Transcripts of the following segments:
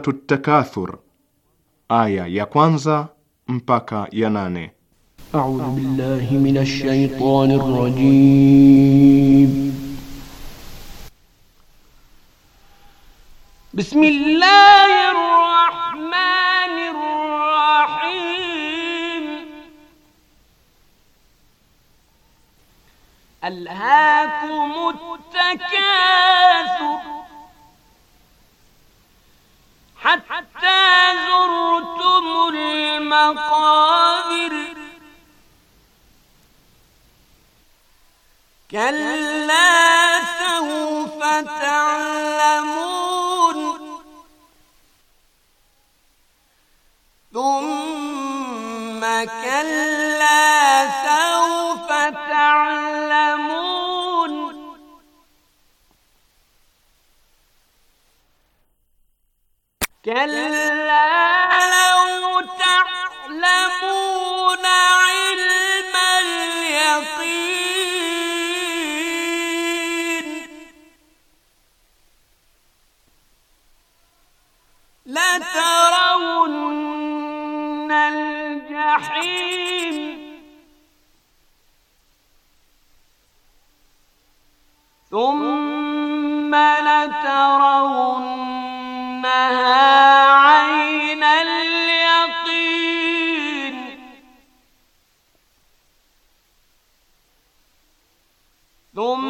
Suratu Takathur aya ya kwanza mpaka ya nane. A'udhu billahi minash shaitani rajim. Bismillahir rahmanir rahim. Alhaakumut takathur حتى زرتم المقابر كلا سوف تعلمون ثم كلا سوف تعلمون كلا لو تعلمون علم اليقين لترون الجحيم ثم لترون ثم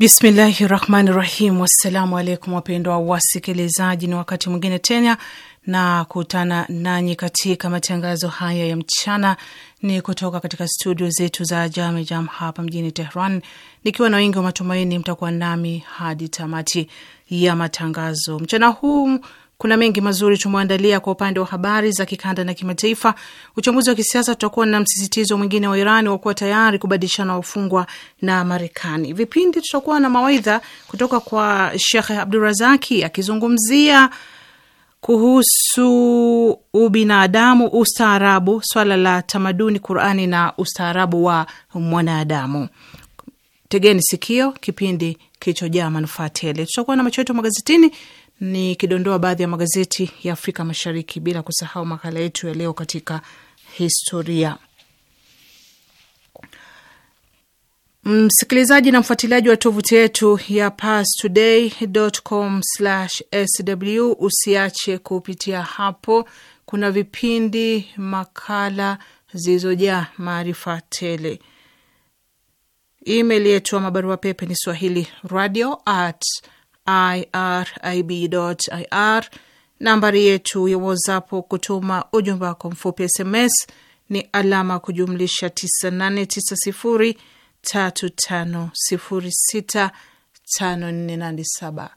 Bismillahi rahmani rahim. Wassalamu alaikum wapendwa wasikilizaji, ni wakati mwingine tena na kutana nanyi katika matangazo haya ya mchana, ni kutoka katika studio zetu za Jame Jam hapa mjini Tehran, nikiwa na wingi wa matumaini mtakuwa nami hadi tamati ya matangazo mchana huu. Kuna mengi mazuri tumeandalia kwa upande wa habari za kikanda na kimataifa. Uchambuzi wa kisiasa tutakuwa na msisitizo mwingine wa Iran wa kuwa tayari kubadilishana wafungwa na Marekani. Vipindi tutakuwa na mawaidha kutoka kwa Shekhe Abdurazaki akizungumzia kuhusu ubinadamu, ustaarabu, swala la tamaduni, Qurani na ustaarabu wa mwanadamu. Tegeni sikio kipindi kilichojaa manufaa tele. Tutakuwa na macho yetu magazetini ni kidondoa baadhi ya magazeti ya Afrika Mashariki, bila kusahau makala yetu ya leo katika historia. Msikilizaji na mfuatiliaji wa tovuti yetu ya pastoday.com/sw, usiache kupitia hapo. Kuna vipindi, makala zilizojaa maarifa tele. Email yetu ama barua pepe ni swahili radio at irib.ir. Nambari yetu ya WhatsApp kutuma ujumbe wako mfupi SMS ni alama kujumlisha 989035065487.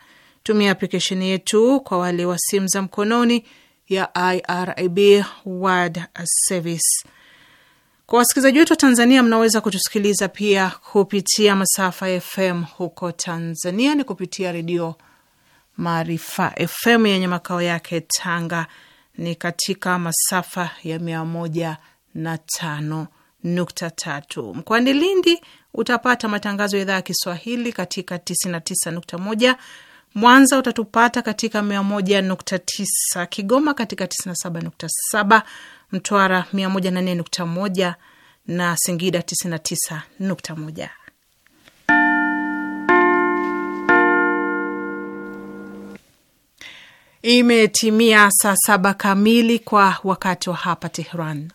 Tumia aplikesheni yetu kwa wale wa simu za mkononi ya IRIB World Service. Kwa wasikilizaji wetu wa Tanzania, mnaweza kutusikiliza pia kupitia masafa ya FM huko Tanzania ni kupitia redio Maarifa FM yenye makao yake Tanga, ni katika masafa ya mia moja na tano nukta tatu. Mkoani Lindi utapata matangazo ya idhaa ya Kiswahili katika moja. Mwanza utatupata katika nukta tisa. Kigoma katika saba. Mtwara 108.1 na Singida 99.1. Imetimia saa saba kamili kwa wakati wa hapa Tehran.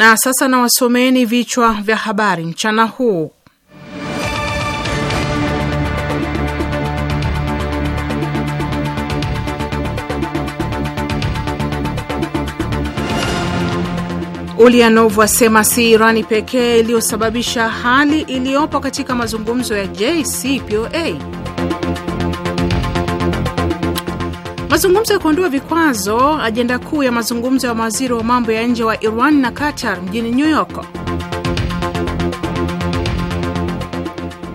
Na sasa nawasomeni vichwa vya habari mchana huu. Ulianov asema si Irani pekee iliyosababisha hali iliyopo katika mazungumzo ya JCPOA. Mazungumzo ya kuondoa vikwazo, ajenda kuu ya mazungumzo ya mawaziri wa mambo ya nje wa Iran na Qatar mjini New York.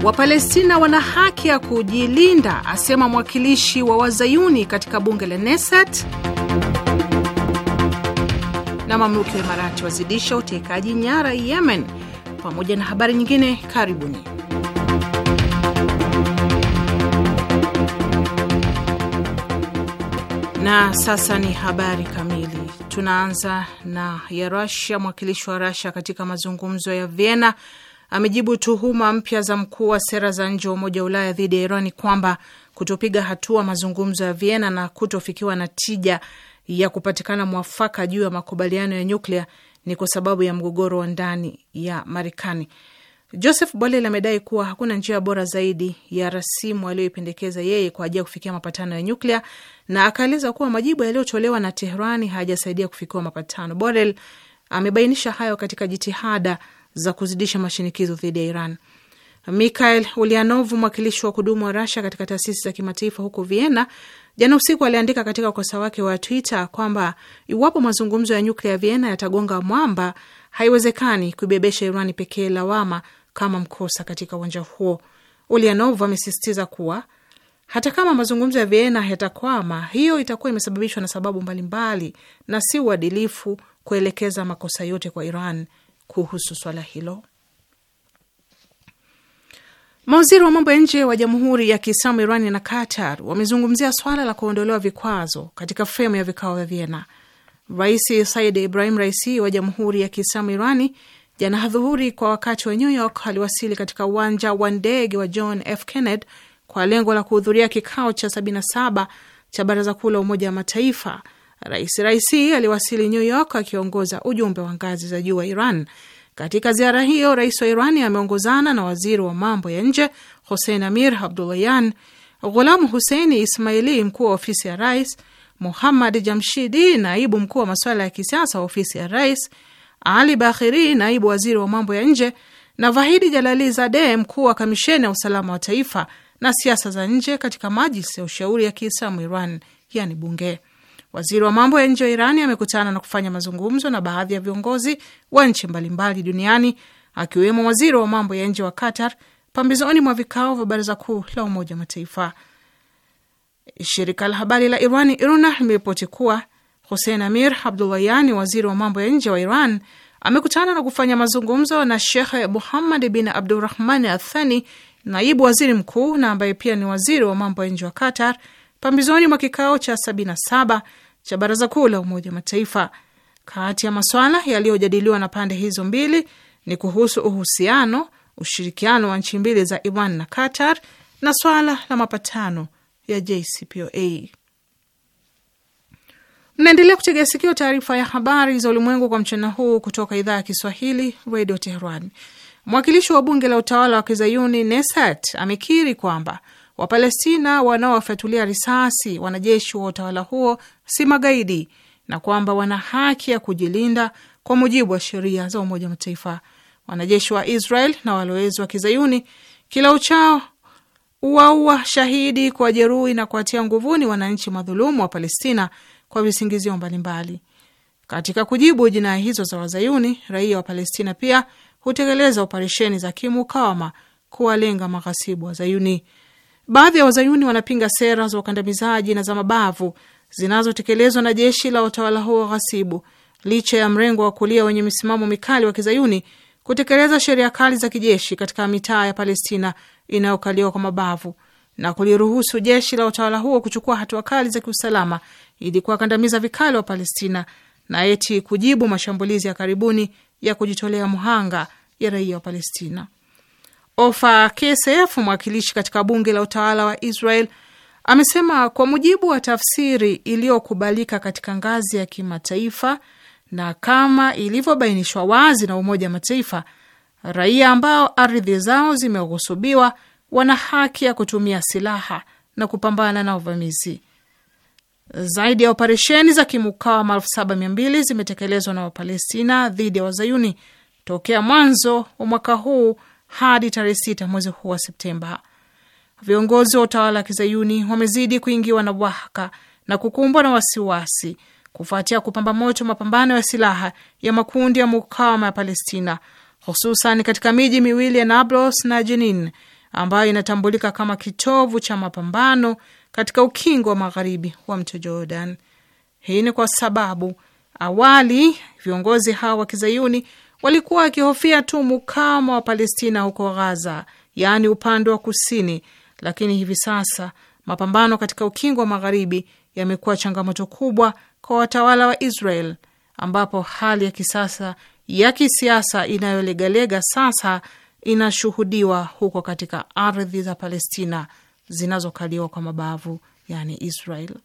Wapalestina wana haki ya kujilinda, asema mwakilishi wa wazayuni katika bunge la Knesset. Na mamluki wa Imarati wazidisha utekaji nyara Yemen, pamoja na habari nyingine. Karibuni. Na sasa ni habari kamili. Tunaanza na ya Rasia. Mwakilishi wa Rasia katika mazungumzo ya Vienna amejibu tuhuma mpya za mkuu wa sera za nje wa Umoja wa Ulaya dhidi ya Irani kwamba kutopiga hatua mazungumzo ya Vienna na kutofikiwa na tija ya kupatikana mwafaka juu ya makubaliano ya nyuklia ni kwa sababu ya mgogoro wa ndani ya Marekani. Joseph Borrell amedai kuwa hakuna njia bora zaidi ya rasimu aliyoipendekeza yeye kwa ajili ya kufikia mapatano ya nyuklia, na akaeleza kuwa majibu yaliyotolewa na tehrani hayajasaidia kufikiwa mapatano. Borrell amebainisha hayo katika jitihada za kuzidisha mashinikizo dhidi ya Iran. Mikhail Ulianov, mwakilishi wa kudumu wa Rasha katika taasisi za kimataifa huko Vienna, Jana usiku aliandika katika ukosa wake wa Twitter kwamba iwapo mazungumzo ya nyuklia ya Vienna yatagonga mwamba, haiwezekani kuibebesha Irani pekee lawama kama mkosa katika uwanja huo. Ulianov amesisitiza kuwa hata kama mazungumzo ya Vienna yatakwama, hiyo itakuwa imesababishwa na sababu mbalimbali mbali, na si uadilifu kuelekeza makosa yote kwa Iran kuhusu swala hilo. Mawaziri wa mambo ya nje wa Jamhuri ya Kiislamu Irani na Qatar wamezungumzia swala la kuondolewa vikwazo katika fremu ya vikao vya Vienna. Rais Said Ibrahim Raisi wa Jamhuri ya Kiislamu Irani jana hadhuhuri kwa wakati wa New York aliwasili katika uwanja wa ndege wa John F Kennedy kwa lengo la kuhudhuria kikao cha 77 cha Baraza Kuu la Umoja wa Mataifa. Rais Raisi aliwasili New York akiongoza ujumbe wa ngazi za juu wa Iran katika ziara hiyo, rais wa Irani ameongozana na waziri wa mambo ya nje Hussein Amir Abdulayan, Ghulam Huseini Ismaili, mkuu wa ofisi ya rais, Muhammad Jamshidi, naibu mkuu wa masuala ya kisiasa wa ofisi ya rais, Ali Bakhiri, naibu waziri wa mambo ya nje, na Vahidi Jalali Zade, mkuu wa kamisheni ya usalama wa taifa na siasa za nje katika Majlisi ya ushauri ya Kiislamu Iran, yani bunge. Waziri wa mambo ya nje wa Irani amekutana na kufanya mazungumzo na baadhi ya viongozi wa nchi mbalimbali duniani akiwemo waziri wa mambo ya nje wa Qatar pambizoni mwa vikao vya baraza kuu la Umoja wa Mataifa. Shirika la habari la Iran IRNA limeripoti kuwa Hussein Amir Abdulayani, waziri wa mambo ya nje wa Iran, amekutana na kufanya mazungumzo na Shekh Muhammad bin Abdurahman Athani, naibu waziri mkuu na ambaye pia ni waziri wa mambo ya nje wa Qatar, pambizoni mwa kikao cha 77 cha Baraza Kuu la Umoja wa Mataifa. Kati ya maswala yaliyojadiliwa na pande hizo mbili ni kuhusu uhusiano, ushirikiano wa nchi mbili za Iran na Qatar na swala la mapatano ya JCPOA. Mnaendelea kutegea sikio taarifa ya habari za ulimwengu kwa mchana huu kutoka idhaa ya Kiswahili Radio Tehran. Mwakilishi wa bunge la utawala wa kizayuni Nesat amekiri kwamba Wapalestina wanaowafyatulia risasi wanajeshi wa utawala huo si magaidi na kwamba wana haki ya kujilinda kwa mujibu wa sheria za Umoja wa Mataifa. Wanajeshi wa Israel na walowezi wa kizayuni kila uchao uwaua shahidi, kuwajeruhi na kuwatia nguvuni wananchi madhulumu wa Palestina kwa visingizio mbalimbali. Katika kujibu jinai hizo za Wazayuni, raia wa Palestina pia hutekeleza operesheni za kimukawama kuwalenga maghasibu Wazayuni. Baadhi ya wazayuni wanapinga sera za ukandamizaji na za mabavu zinazotekelezwa na jeshi la utawala huo ghasibu, licha ya mrengo wa kulia wenye misimamo mikali wa kizayuni kutekeleza sheria kali za kijeshi katika mitaa ya Palestina inayokaliwa kwa mabavu na kuliruhusu jeshi la utawala huo kuchukua hatua kali za kiusalama ili kuwakandamiza vikali wa Palestina na eti kujibu mashambulizi ya karibuni ya kujitolea mhanga ya raia wa Palestina. Ofa Keisef, mwakilishi katika bunge la utawala wa Israel, amesema kwa mujibu wa tafsiri iliyokubalika katika ngazi ya kimataifa na kama ilivyobainishwa wazi na Umoja wa Mataifa, raia ambao ardhi zao zimeghusubiwa wana haki ya kutumia silaha na kupambana na uvamizi. Zaidi ya operesheni za kimukawama 7200 zimetekelezwa na Wapalestina dhidi ya Wazayuni tokea mwanzo wa mwaka huu hadi tarehe sita mwezi huu wa Septemba. Viongozi wa utawala wa kizayuni wamezidi kuingiwa na wahaka na kukumbwa na wasiwasi kufuatia kupamba moto mapambano ya silaha ya makundi ya mukawama ya Palestina, hususan katika miji miwili ya Nablus na Jenin ambayo inatambulika kama kitovu cha mapambano katika ukingo wa magharibi wa mto Jordan. Hii ni kwa sababu awali viongozi hawa wa kizayuni walikuwa wakihofia tu mukama wa Palestina huko Ghaza, yaani upande wa kusini, lakini hivi sasa mapambano katika ukingo wa magharibi yamekuwa changamoto kubwa kwa watawala wa Israel, ambapo hali ya kisasa ya kisiasa inayolegalega sasa inashuhudiwa huko katika ardhi za Palestina zinazokaliwa kwa mabavu, yani Israel.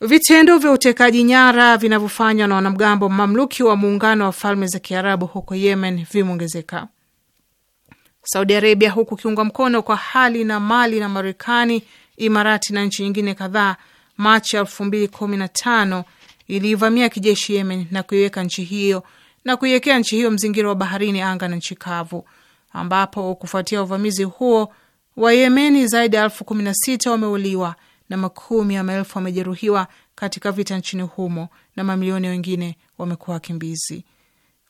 Vitendo vya utekaji nyara vinavyofanywa na wanamgambo mamluki wa muungano wa falme za Kiarabu huko Yemen vimeongezeka. Saudi Arabia, huku ikiungwa mkono kwa hali na mali na Marekani, Imarati na nchi nyingine kadhaa, Machi elfu mbili kumi na tano iliivamia kijeshi Yemen na kuiweka nchi hiyo na kuiwekea nchi hiyo mzingira wa baharini, anga na nchi kavu, ambapo kufuatia uvamizi huo Wayemeni zaidi ya elfu kumi na sita wameuliwa na makumi ya maelfu wamejeruhiwa katika vita nchini humo na mamilioni wengine wamekuwa wakimbizi.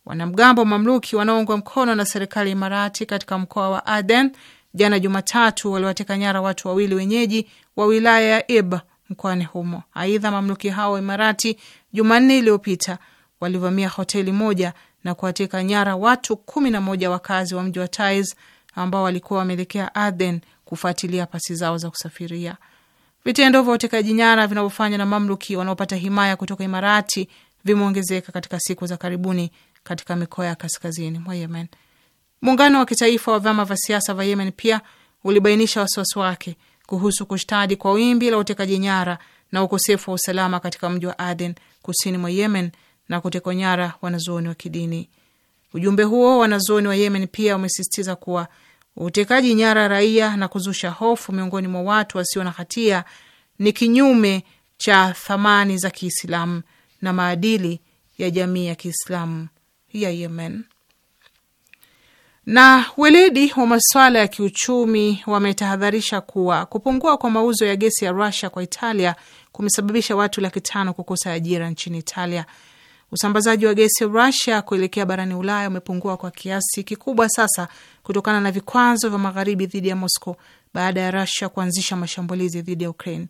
Wanamgambo mamluki wanaoungwa mkono na serikali Imarati katika mkoa wa Aden jana Jumatatu waliwateka nyara watu wawili wenyeji wa wilaya ya Ib mkoani humo. Aidha, mamluki hao wa Imarati Jumanne iliyopita walivamia hoteli moja na kuwateka nyara watu kumi na moja wakazi wa mji wa Taiz ambao walikuwa wameelekea Aden kufuatilia pasi zao za kusafiria. Vitendo vya utekaji nyara vinavyofanywa na mamluki wanaopata himaya kutoka Imarati vimeongezeka katika siku za karibuni katika mikoa ya kaskazini mwa Yemen. Muungano wa kitaifa wa vyama vya siasa vya Yemen pia ulibainisha wasiwasi wake kuhusu kushtadi kwa wimbi la utekaji nyara na ukosefu wa usalama katika mji wa Aden kusini mwa Yemen na kutekwa nyara wanazuoni wa kidini. Ujumbe huo wanazuoni wa Yemen pia umesisitiza kuwa Utekaji nyara raia na kuzusha hofu miongoni mwa watu wasio na hatia ni kinyume cha thamani za Kiislamu na maadili ya jamii ya Kiislamu ya Yemen. Na weledi wa masuala ya kiuchumi wametahadharisha kuwa kupungua kwa mauzo ya gesi ya rusia kwa Italia kumesababisha watu laki tano kukosa ajira nchini Italia. Usambazaji wa gesi Rusia kuelekea barani Ulaya umepungua kwa kiasi kikubwa sasa kutokana na vikwazo vya magharibi dhidi ya Moscow baada ya Rusia kuanzisha mashambulizi dhidi ya Ukraine.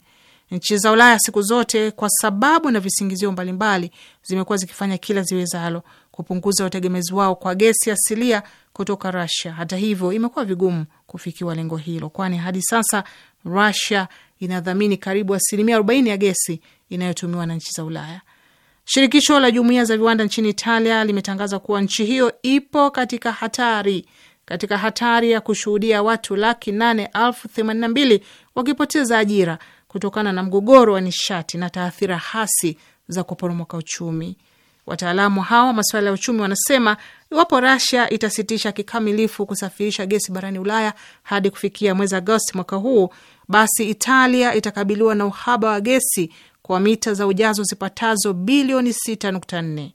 Nchi za Ulaya siku zote, kwa sababu na visingizio mbalimbali, zimekuwa zikifanya kila ziwezalo kupunguza utegemezi wao kwa gesi asilia kutoka Rusia. Hata hivyo, imekuwa vigumu kufikiwa lengo hilo, kwani hadi sasa Rusia inadhamini karibu asilimia 40 ya gesi inayotumiwa na nchi za Ulaya. Shirikisho la jumuiya za viwanda nchini Italia limetangaza kuwa nchi hiyo ipo katika hatari katika hatari ya kushuhudia watu laki nane elfu themanini na mbili wakipoteza ajira kutokana na mgogoro wa nishati na taathira hasi za kuporomoka uchumi. Wataalamu hawa wa masuala ya uchumi wanasema iwapo Rasia itasitisha kikamilifu kusafirisha gesi barani Ulaya hadi kufikia mwezi Agosti mwaka huu, basi Italia itakabiliwa na uhaba wa gesi kwa mita za ujazo zipatazo bilioni 6.4.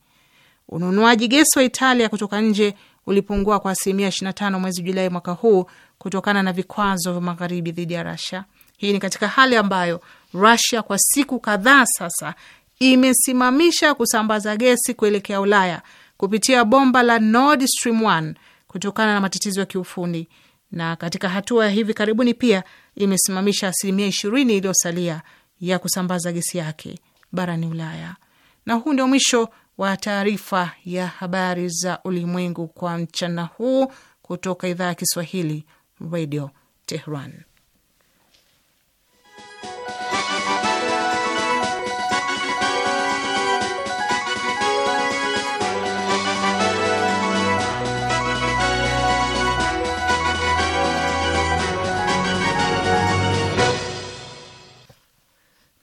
Ununuaji gesi wa Italia kutoka nje ulipungua kwa asilimia 25 mwezi Julai mwaka huu kutokana na vikwazo vya magharibi dhidi ya rusia Hii ni katika hali ambayo rusia kwa siku kadhaa sasa imesimamisha kusambaza gesi kuelekea Ulaya kupitia bomba la Nord Stream 1 kutokana na matatizo ya kiufundi, na katika hatua ya hivi karibuni pia imesimamisha asilimia 20 iliyosalia ya kusambaza gesi yake barani Ulaya. Na huu ndio mwisho wa taarifa ya habari za ulimwengu kwa mchana huu kutoka idhaa ya Kiswahili, Radio Tehran.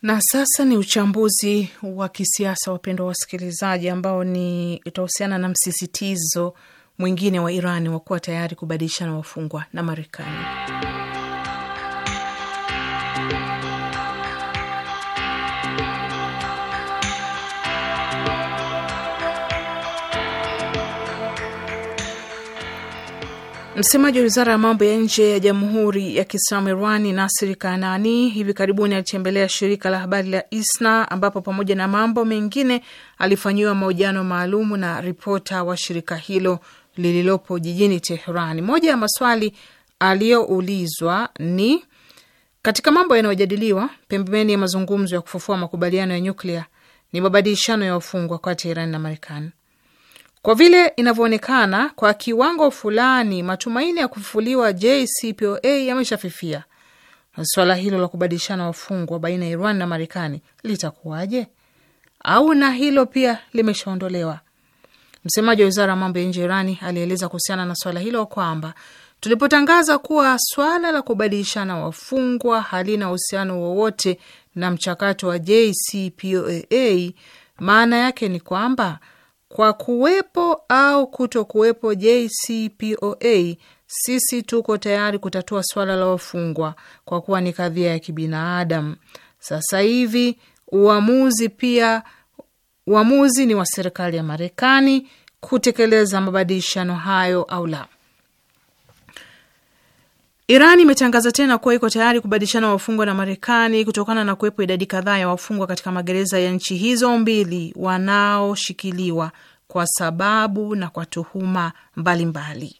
Na sasa ni uchambuzi wa kisiasa, wapendwa wasikilizaji, ambao ni utahusiana na msisitizo mwingine wa Irani wa kuwa tayari kubadilishana wafungwa na Marekani. Msemaji wa wizara ya mambo ya nje ya Jamhuri ya Kiislamu Irani, Nasiri Kanani, hivi karibuni alitembelea shirika la habari la ISNA ambapo pamoja na mambo mengine alifanyiwa mahojiano maalumu na ripota wa shirika hilo lililopo jijini teheran Moja ya maswali aliyoulizwa ni katika mambo yanayojadiliwa pembeni ya mazungumzo ya kufufua makubaliano ya nyuklia ni mabadilishano ya wafungwa kati ya Iran na Marekani. Kwa vile inavyoonekana, kwa kiwango fulani matumaini ya kufufuliwa JCPOA yameshafifia. Swala hilo la kubadilishana wafungwa baina ya Iran na Marekani litakuwaje? Au na hilo pia limeshaondolewa? Msemaji wa wizara ya mambo ya nje Irani alieleza kuhusiana na swala hilo kwamba tulipotangaza kuwa swala la kubadilishana wafungwa halina uhusiano wowote na mchakato wa JCPOA, maana yake ni kwamba kwa kuwepo au kuto kuwepo JCPOA, sisi tuko tayari kutatua swala la wafungwa kwa kuwa ni kadhia ya kibinadamu. Sasa hivi uamuzi pia uamuzi ni wa serikali ya Marekani kutekeleza mabadilishano hayo au la. Iran imetangaza tena kuwa iko tayari kubadilishana wafungwa na Marekani kutokana na kuwepo idadi kadhaa ya wafungwa katika magereza ya nchi hizo mbili wanaoshikiliwa kwa sababu na kwa tuhuma mbalimbali.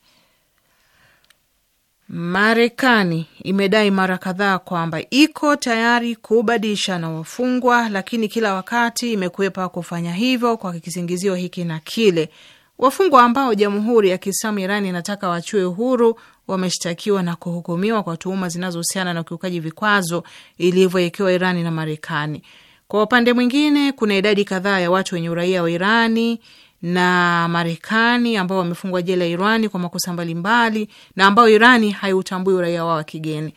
Marekani imedai mara kadhaa kwamba iko tayari kubadilishana wafungwa, lakini kila wakati imekwepa kufanya hivyo kwa kisingizio hiki na kile. Wafungwa ambao Jamhuri ya Kiislamu Irani inataka wachue huru wameshtakiwa na kuhukumiwa kwa tuhuma zinazohusiana na ukiukaji vikwazo ilivyowekewa Irani na Marekani. Kwa upande mwingine, kuna idadi kadhaa ya watu wenye uraia wa Irani na Marekani ambao wamefungwa jela ya Irani kwa makosa mbalimbali na ambao Irani haiutambui uraia wao wa kigeni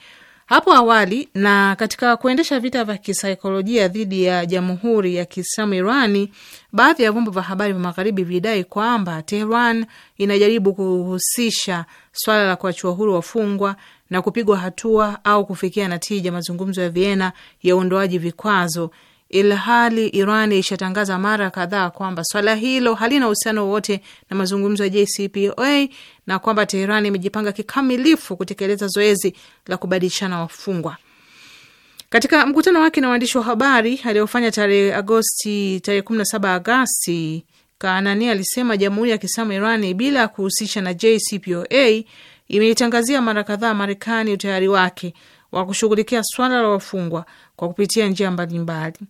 hapo awali na katika kuendesha vita vya kisaikolojia dhidi ya jamhuri ya Kiislamu Irani, baadhi ya vyombo vya habari vya magharibi vilidai kwamba Tehran inajaribu kuhusisha swala la kuachiwa huru wafungwa na kupigwa hatua au kufikia natija mazungumzo ya viena ya uondoaji vikwazo ilhali Iran ishatangaza mara kadhaa kwamba swala hilo halina uhusiano wowote na mazungumzo ya JCPOA na kwamba Teheran imejipanga kikamilifu kutekeleza zoezi la kubadilishana wafungwa. Katika mkutano wake na waandishi wa habari aliofanya tarehe Agosti tarehe 17 Agosti, Kaanani alisema jamhuri ya Kiislamu Iran bila ya kuhusisha na JCPOA imeitangazia mara kadhaa Marekani utayari wake wa kushughulikia swala la wafungwa kwa kupitia njia mbalimbali mbali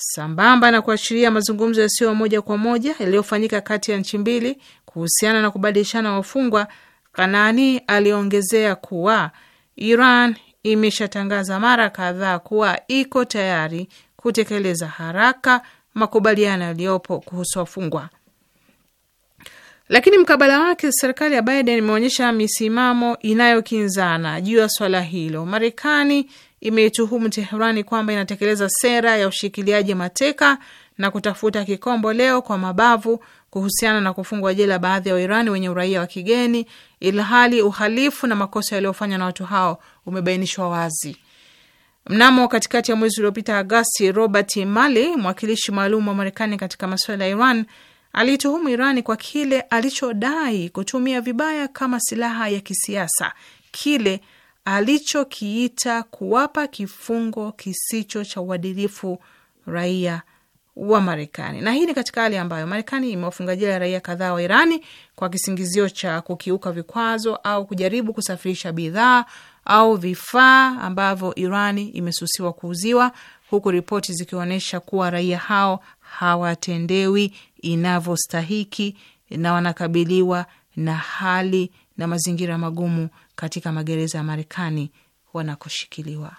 sambamba na kuashiria mazungumzo yasiyo moja kwa moja yaliyofanyika kati ya nchi mbili kuhusiana na kubadilishana wafungwa, Kanaani aliongezea kuwa Iran imeshatangaza mara kadhaa kuwa iko tayari kutekeleza haraka makubaliano yaliyopo kuhusu wafungwa. Lakini mkabala wake, serikali ya Biden imeonyesha misimamo inayokinzana juu ya swala hilo. Marekani imeituhumu Teherani kwamba inatekeleza sera ya ushikiliaji mateka na kutafuta kikombo leo kwa mabavu kuhusiana na kufungwa jela baadhi ya Wairani wenye uraia wa kigeni, ilhali uhalifu na makosa yaliyofanywa na watu hao umebainishwa wazi. Mnamo katikati ya mwezi uliopita Agasti, Robert Malley, mwakilishi maalum wa Marekani katika masuala ya Iran, aliituhumu Irani kwa kile alichodai kutumia vibaya kama silaha ya kisiasa kile alichokiita kuwapa kifungo kisicho cha uadilifu raia wa Marekani. Na hii ni katika hali ambayo Marekani imewafunga jela raia kadhaa wa Irani kwa kisingizio cha kukiuka vikwazo au kujaribu kusafirisha bidhaa au vifaa ambavyo Irani imesusiwa kuuziwa, huku ripoti zikionyesha kuwa raia hao hawatendewi inavyostahiki na wanakabiliwa na hali na mazingira magumu katika magereza ya Marekani wanakoshikiliwa.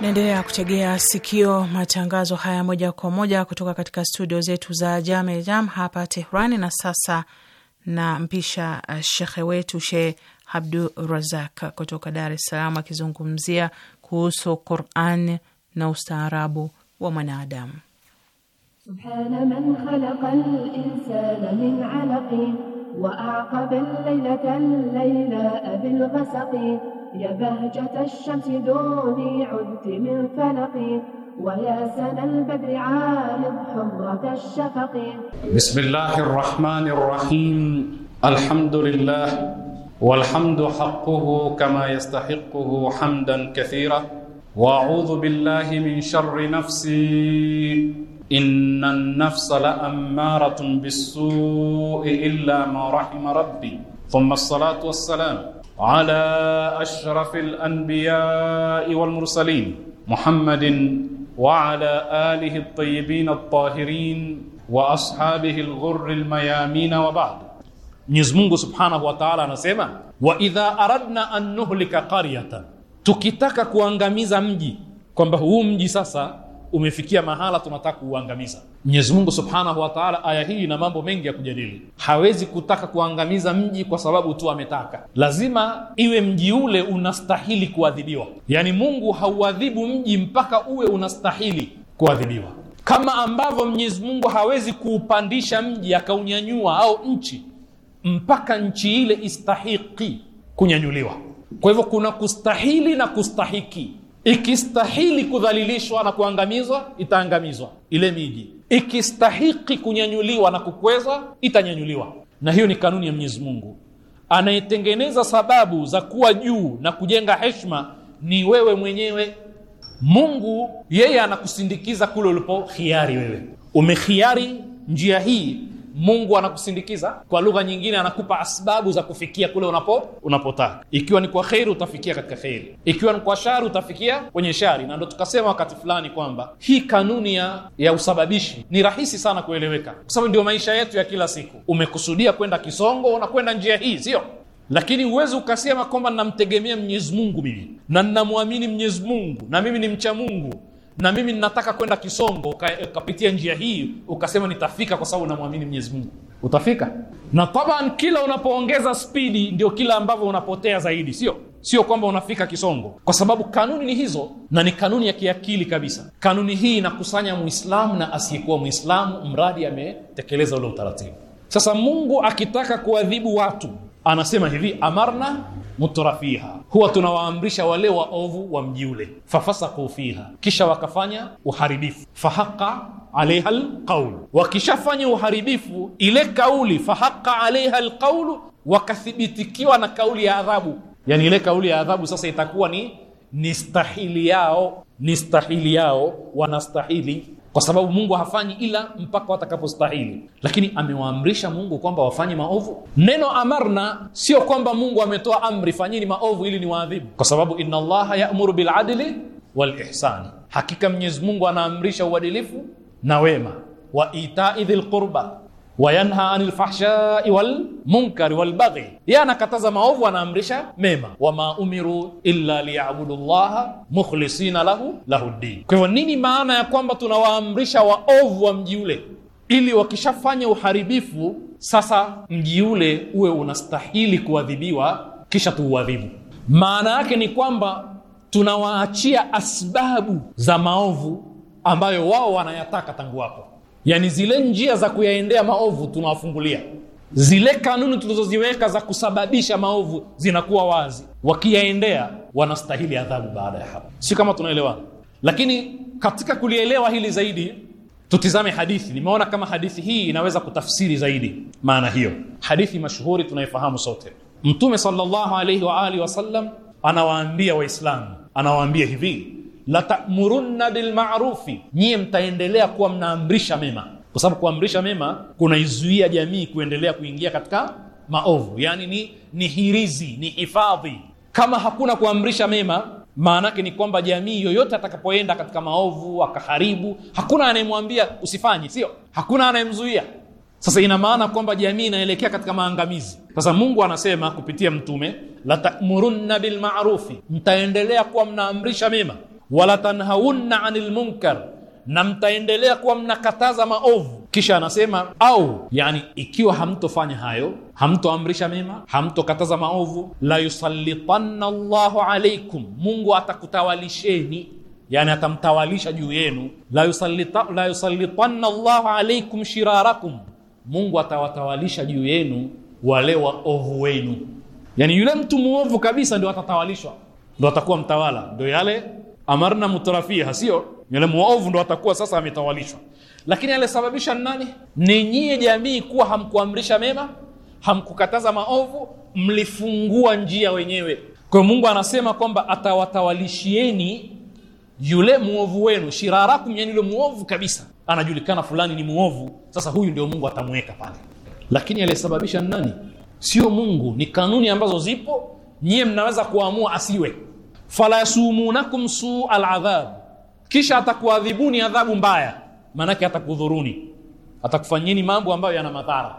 Naendelea kutegea sikio matangazo haya moja kwa moja kutoka katika studio zetu za Jame Jam hapa Tehrani. Na sasa na mpisha eh, shekhe wetu Sheh Abdu Razak kutoka Dar es Salaam akizungumzia kuhusu Quran na ustaarabu wa mwanadamu. Subhana man khalaqal insana min alaqin wa aqaba al-laylata al-layla bil ghasaqin ya bahjata ash-shamsi duni 'udti min falaqin ويا سنا البدر عارض حمرة الشفق بسم الله الرحمن الرحيم الحمد لله والحمد حقه كما يستحقه حمدا كثيرا واعوذ بالله من شر نفسي ان النفس لاماره بالسوء الا ما رحم ربي ثم الصلاه والسلام على اشرف الانبياء والمرسلين محمد وعلى اله الطيبين الطاهرين واصحابه الغر الميامين وبعد Mwenyezi Mungu Subhanahu wa Ta'ala anasema, wa idha aradna an nuhlika qaryatan, tukitaka kuangamiza mji, kwamba huu mji sasa umefikia mahala tunataka kuuangamiza. Mwenyezi Mungu Subhanahu wa Ta'ala, aya hii na mambo mengi ya kujadili. Hawezi kutaka kuangamiza mji kwa sababu tu ametaka, lazima iwe mji ule unastahili kuadhibiwa. Yaani Mungu hauadhibu mji mpaka uwe unastahili kuadhibiwa, kama ambavyo Mwenyezi Mungu hawezi kuupandisha mji akaunyanyua au nchi mpaka nchi ile istahiki kunyanyuliwa kwa hivyo kuna kustahili na kustahiki ikistahili kudhalilishwa na kuangamizwa itaangamizwa ile miji ikistahiki kunyanyuliwa na kukweza itanyanyuliwa na hiyo ni kanuni ya mwenyezi mungu anayetengeneza sababu za kuwa juu na kujenga heshma ni wewe mwenyewe mungu yeye anakusindikiza kule ulipo khiari wewe umekhiari njia hii mungu anakusindikiza kwa lugha nyingine anakupa asbabu za kufikia kule unapo unapotaka ikiwa ni kwa kheri utafikia katika kheri ikiwa ni kwa shari utafikia kwenye shari na ndo tukasema wakati fulani kwamba hii kanuni ya, ya usababishi ni rahisi sana kueleweka kwa sababu ndio maisha yetu ya kila siku umekusudia kwenda kisongo unakwenda njia hii sio lakini huwezi ukasema kwamba namtegemea mwenyezi mungu mimi na nnamwamini mwenyezi mungu na mimi ni mcha mungu na mimi ninataka kwenda Kisongo, ukapitia njia hii ukasema nitafika kwa sababu namwamini Mwenyezi Mungu, utafika. Na taban, kila unapoongeza spidi ndio kila ambavyo unapotea zaidi, sio sio kwamba unafika Kisongo, kwa sababu kanuni ni hizo, na ni kanuni ya kiakili kabisa. Kanuni hii inakusanya Muislamu na asiyekuwa Muislamu, mradi ametekeleza ule utaratibu. Sasa Mungu akitaka kuadhibu watu anasema hivi amarna mutrafiha, huwa tunawaamrisha wale waovu wa mji ule. Fafasaku fiha, kisha wakafanya uharibifu. Fahaqa alaiha lqaulu, wakishafanya uharibifu ile kauli. Fahaqa alaiha lqaulu, wakathibitikiwa na kauli ya adhabu. Yani ile kauli ya adhabu sasa itakuwa ni nistahili yao, ni stahili yao, wanastahili kwa sababu Mungu hafanyi ila mpaka watakapostahili, lakini amewaamrisha Mungu kwamba wafanye maovu. Neno amarna sio kwamba Mungu ametoa amri, fanyeni maovu ili niwaadhibu, kwa sababu inna Allaha ya'muru bil'adli wal hakika Mwenyezi Mungu anaamrisha uadilifu na wema, wa itai dhil qurba wayanha anil fahshai wal munkari wal baghi, anakataza maovu, anaamrisha mema. Wama umiru illa liyabudu llaha mukhlisina lahu lahu ddin. Kwa hivyo nini maana ya kwamba tunawaamrisha waovu wa mji ule, ili wakishafanya uharibifu sasa mji ule uwe unastahili kuadhibiwa, kisha tuuadhibu. Maana yake ni kwamba tunawaachia asbabu za maovu ambayo wao wanayataka tangu hapo yani zile njia za kuyaendea maovu tunawafungulia zile kanuni tulizoziweka za kusababisha maovu zinakuwa wazi wakiyaendea wanastahili adhabu baada ya hapo si kama tunaelewana lakini katika kulielewa hili zaidi tutizame hadithi nimeona kama hadithi hii inaweza kutafsiri zaidi maana hiyo hadithi mashuhuri tunayefahamu sote mtume sallallahu alaihi wa alihi wasallam anawaambia waislamu anawaambia hivi latamurunna bilmarufi, nyiye mtaendelea kuwa mnaamrisha mema, kwa sababu kuamrisha mema kunaizuia jamii kuendelea kuingia katika maovu. yani ni, ni hirizi, ni hifadhi. Kama hakuna kuamrisha mema, maanake ni kwamba jamii yoyote atakapoenda katika maovu akaharibu, hakuna anayemwambia usifanye, sio? Hakuna anayemzuia. Sasa ina maana kwamba jamii inaelekea katika maangamizi. Sasa Mungu anasema kupitia mtume, latamurunna bilmarufi, mtaendelea kuwa mnaamrisha mema wala tanhauna anil munkar, na mtaendelea kuwa mnakataza maovu. Kisha anasema au, yani ikiwa hamtofanya hayo, hamtoamrisha mema, hamtokataza maovu, la yusallitanna Allahu alaikum, Mungu atakutawalisheni Yani atamtawalisha juu yenu. la yusallita la yusallitanna Allahu alaikum shirarakum, Mungu atawatawalisha juu yenu wale waovu wenu. Yani yule mtu muovu kabisa ndio atatawalishwa, ndio atakuwa mtawala, ndio yale amarna mutrafiha, sio yule muovu ndo atakuwa sasa ametawalishwa, lakini alisababisha nani? Ni nyie jamii, kuwa hamkuamrisha mema, hamkukataza maovu, mlifungua njia wenyewe. Kwa Mungu anasema kwamba atawatawalishieni yule muovu wenu, shirarakum, yani yule muovu kabisa, anajulikana fulani ni muovu. Sasa huyu ndio Mungu atamweka pale, lakini alisababisha nani? Sio Mungu, ni kanuni ambazo zipo, nyie mnaweza kuamua asiwe fala yasumunakum su aladhab, kisha atakuadhibuni adhabu mbaya, maanake atakudhuruni, atakufanyeni mambo ambayo yana madhara.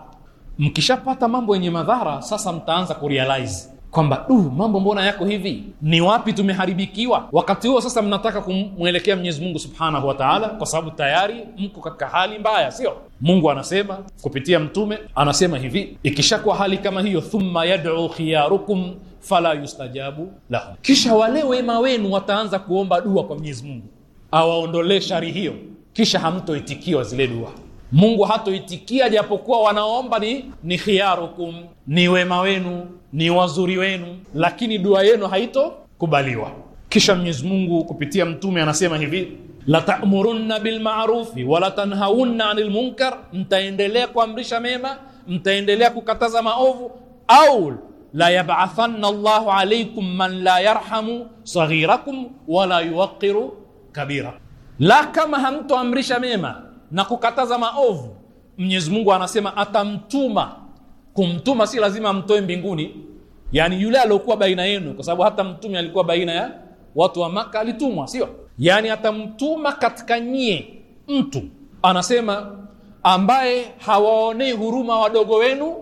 Mkishapata mambo yenye madhara, sasa mtaanza kurealize kwamba du, uh, mambo mbona yako hivi? Ni wapi tumeharibikiwa? Wakati huo sasa mnataka kumwelekea Mwenyezi Mungu Subhanahu wa Ta'ala, kwa sababu tayari mko katika hali mbaya, sio? Mungu anasema kupitia mtume anasema hivi, ikishakuwa hali kama hiyo, thumma yad'u khiyarukum fala yustajabu lahum, kisha wale wema wenu wataanza kuomba dua kwa Mwenyezi Mungu awaondolee shari hiyo, kisha hamtoitikiwa zile dua. Mungu hatoitikia japokuwa wanaomba ni ni khiyarukum, ni wema wenu, ni wazuri wenu, lakini dua yenu haitokubaliwa. Kisha Mwenyezi Mungu kupitia mtume anasema hivi latamurunna bilmarufi walatanhauna tanhaunna anil munkar, mtaendelea kuamrisha mema, mtaendelea kukataza maovu au la yab'athanna Allahu alaykum man la yarhamu saghirakum wala yuwaqiru kabira, la kama hamtoamrisha mema na kukataza maovu, Mwenyezi Mungu anasema atamtuma. Kumtuma si lazima amtoe mbinguni, yani yule aliokuwa baina yenu, kwa sababu hata mtume alikuwa baina ya watu wa Maka, alitumwa sio? Yani atamtuma katika nyie mtu, anasema ambaye hawaonei huruma wadogo wenu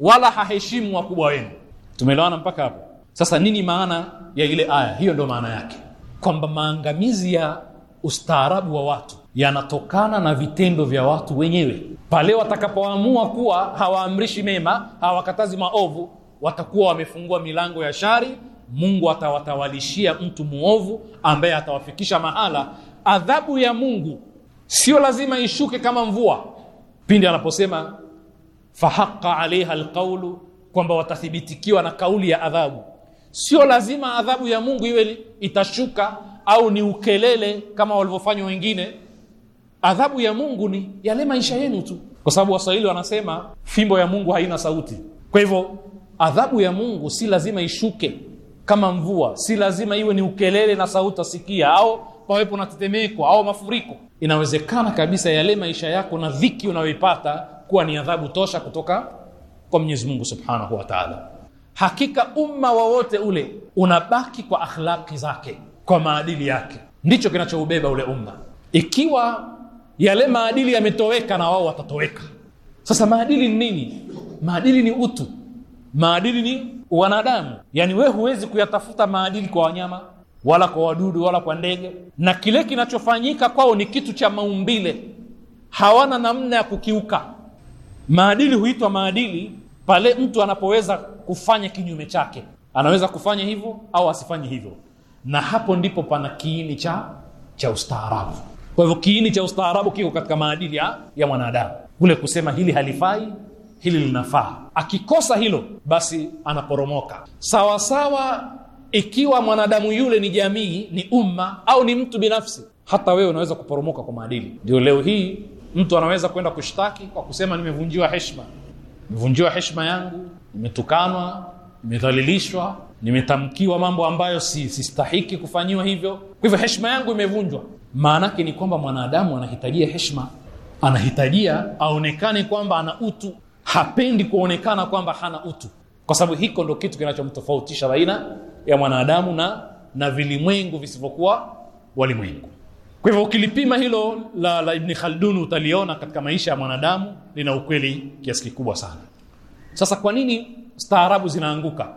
wala haheshimu wakubwa wenu Tumeelewana mpaka hapo? Sasa nini maana ya ile aya hiyo? ndo maana yake kwamba maangamizi ya ustaarabu wa watu yanatokana na vitendo vya watu wenyewe. Pale watakapoamua kuwa hawaamrishi mema, hawakatazi maovu, watakuwa wamefungua milango ya shari. Mungu atawatawalishia mtu mwovu ambaye atawafikisha mahala. Adhabu ya Mungu sio lazima ishuke kama mvua, pindi anaposema fahaqa alaiha alqaulu kwamba watathibitikiwa na kauli ya adhabu. Sio lazima adhabu ya Mungu iwe itashuka au ni ukelele kama walivyofanywa wengine. Adhabu ya Mungu ni yale maisha yenu tu, kwa sababu Waswahili wanasema fimbo ya Mungu haina sauti. Kwa hivyo adhabu ya Mungu si lazima ishuke kama mvua, si lazima iwe ni ukelele na sauti asikia, au pawepo na tetemeko au mafuriko. Inawezekana kabisa yale maisha yako na dhiki unayoipata kuwa ni adhabu tosha kutoka kwa Mwenyezi Mungu Subhanahu wa Ta'ala. Hakika umma wowote ule unabaki kwa akhlaki zake, kwa maadili yake, ndicho kinachoubeba ule umma. Ikiwa yale maadili yametoweka, na wao watatoweka. Sasa maadili ni nini? Maadili ni utu, maadili ni wanadamu. Yaani wewe huwezi kuyatafuta maadili kwa wanyama wala kwa wadudu wala kwa ndege, na kile kinachofanyika kwao ni kitu cha maumbile, hawana namna ya kukiuka Maadili huitwa maadili pale mtu anapoweza kufanya kinyume chake. Anaweza kufanya hivyo au asifanye hivyo, na hapo ndipo pana kiini cha cha ustaarabu. Kwa hivyo kiini cha ustaarabu kiko katika maadili ya, ya mwanadamu, kule kusema hili halifai, hili linafaa. Akikosa hilo, basi anaporomoka sawasawa. Ikiwa mwanadamu yule ni jamii, ni umma au ni mtu binafsi, hata wewe unaweza kuporomoka kwa maadili. Ndio leo hii Mtu anaweza kwenda kushtaki kwa kusema nimevunjiwa heshima, nimevunjiwa heshima yangu, nimetukanwa, nimedhalilishwa, nimetamkiwa mambo ambayo si sistahiki kufanyiwa hivyo, kwa hivyo heshima yangu imevunjwa. Maanake ni kwamba mwanadamu anahitajia heshima, anahitajia aonekane kwamba ana utu, hapendi kuonekana kwamba hana utu, kwa sababu hiko ndo kitu kinachomtofautisha baina ya mwanadamu na na vilimwengu visivyokuwa walimwengu. Kwa hivyo ukilipima hilo la, la Ibn Khaldun utaliona katika maisha ya mwanadamu lina ukweli kiasi kikubwa sana. Sasa kwa nini staarabu zinaanguka?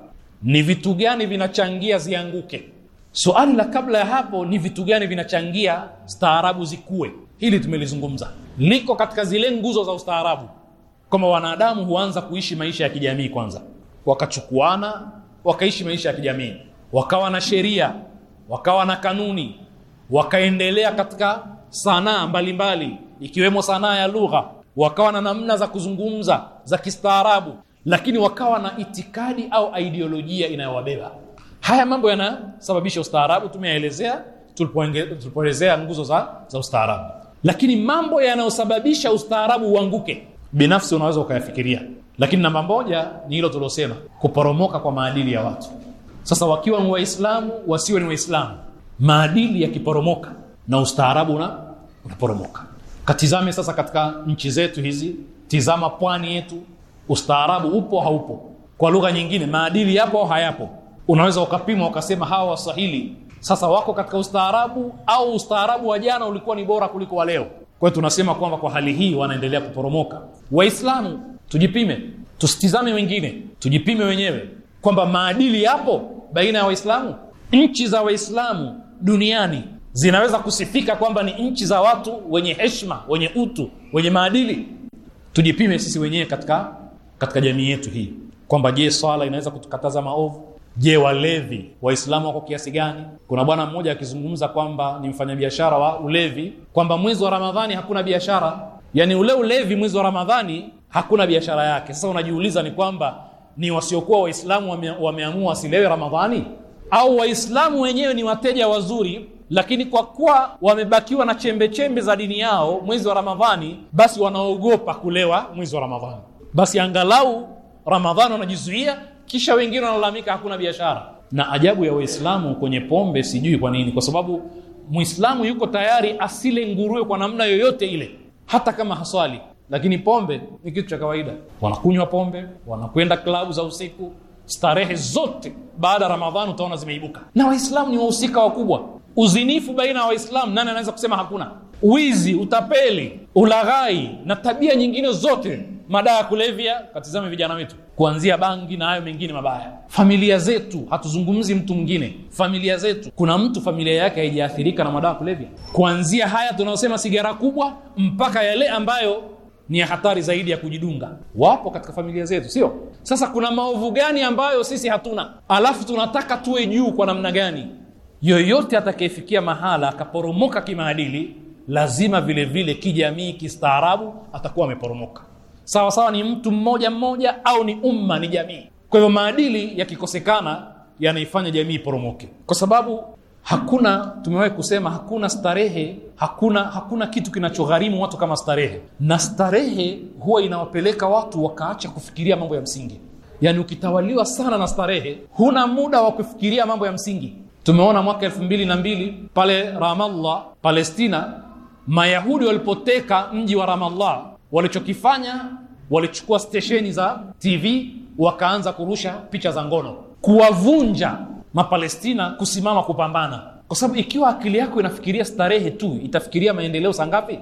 Ni vitu gani vinachangia zianguke? suali la kabla ya hapo ni vitu gani vinachangia staarabu zikue? Hili tumelizungumza, liko katika zile nguzo za ustaarabu, kwamba wanadamu huanza kuishi maisha ya kijamii kwanza, wakachukuana, wakaishi maisha ya kijamii, wakawa na sheria, wakawa na kanuni wakaendelea katika sanaa mbalimbali ikiwemo sanaa ya lugha, wakawa na namna za kuzungumza za kistaarabu, lakini wakawa na itikadi au aidiolojia inayowabeba. Haya mambo yanasababisha ustaarabu, tumeyaelezea tulipoelezea nguzo za, za ustaarabu. Lakini mambo yanayosababisha ustaarabu uanguke, binafsi unaweza ukayafikiria, lakini namba moja ni hilo tuliosema, kuporomoka kwa maadili ya watu. Sasa wakiwa ni Waislamu, wasiwe ni Waislamu maadili yakiporomoka na ustaarabu una, unaporomoka katizame sasa katika nchi zetu hizi tizama pwani yetu ustaarabu upo haupo kwa lugha nyingine maadili yapo au hayapo unaweza ukapima ukasema hawa waswahili sasa wako katika ustaarabu au ustaarabu wa jana ulikuwa ni bora kuliko wa leo kwa hiyo tunasema kwamba kwa hali hii wanaendelea kuporomoka waislamu tujipime tusitizame wengine tujipime wenyewe kwamba maadili yapo baina ya waislamu nchi za waislamu duniani zinaweza kusifika kwamba ni nchi za watu wenye heshma wenye utu wenye maadili tujipime sisi wenyewe katika katika jamii yetu hii kwamba je swala inaweza kutukataza maovu je walevi waislamu wako kiasi gani kuna bwana mmoja akizungumza kwamba ni mfanyabiashara wa ulevi kwamba mwezi wa ramadhani hakuna biashara yani ule ulevi mwezi wa ramadhani hakuna biashara yake sasa unajiuliza ni kwamba ni wasiokuwa waislamu wame, wameamua wasilewe ramadhani au Waislamu wenyewe ni wateja wazuri, lakini kwa kuwa wamebakiwa na chembe chembe za dini yao mwezi wa Ramadhani, basi wanaogopa kulewa mwezi wa Ramadhani, basi angalau Ramadhani wanajizuia, kisha wengine wanalalamika hakuna biashara. Na ajabu ya Waislamu kwenye pombe, sijui kwa nini, kwa sababu Muislamu yuko tayari asile nguruwe kwa namna yoyote ile, hata kama haswali, lakini pombe ni kitu cha kawaida. Wanakunywa pombe, wanakwenda klabu za usiku starehe zote baada ya Ramadhani utaona zimeibuka, na Waislamu ni wahusika wakubwa. Uzinifu baina ya Waislamu, nani anaweza kusema hakuna? Wizi, utapeli, ulaghai na tabia nyingine zote, madawa ya kulevya, katizame vijana wetu, kuanzia bangi na hayo mengine mabaya. Familia zetu, hatuzungumzi mtu mwingine, familia zetu. Kuna mtu familia yake haijaathirika na madawa ya kulevya, kuanzia haya tunayosema sigara kubwa mpaka yale ambayo ni hatari zaidi ya kujidunga. Wapo katika familia zetu, sio? Sasa kuna maovu gani ambayo sisi hatuna, alafu tunataka tuwe juu kwa namna gani? Yoyote atakayefikia mahala akaporomoka kimaadili, lazima vilevile vile kijamii, kistaarabu atakuwa ameporomoka. Sawa sawa, ni mtu mmoja mmoja au ni umma, ni jamii. Kwa hivyo maadili yakikosekana yanaifanya jamii iporomoke kwa sababu Hakuna, tumewahi kusema hakuna starehe, hakuna hakuna kitu kinachogharimu watu kama starehe, na starehe huwa inawapeleka watu wakaacha kufikiria mambo ya msingi. Yaani ukitawaliwa sana na starehe, huna muda wa kufikiria mambo ya msingi. Tumeona mwaka elfu mbili na mbili pale Ramallah, Palestina, Mayahudi walipoteka mji wa Ramallah, walichokifanya walichukua stesheni za TV wakaanza kurusha picha za ngono kuwavunja Mapalestina kusimama kupambana, kwa sababu ikiwa akili yako inafikiria starehe tu itafikiria maendeleo saa ngapi?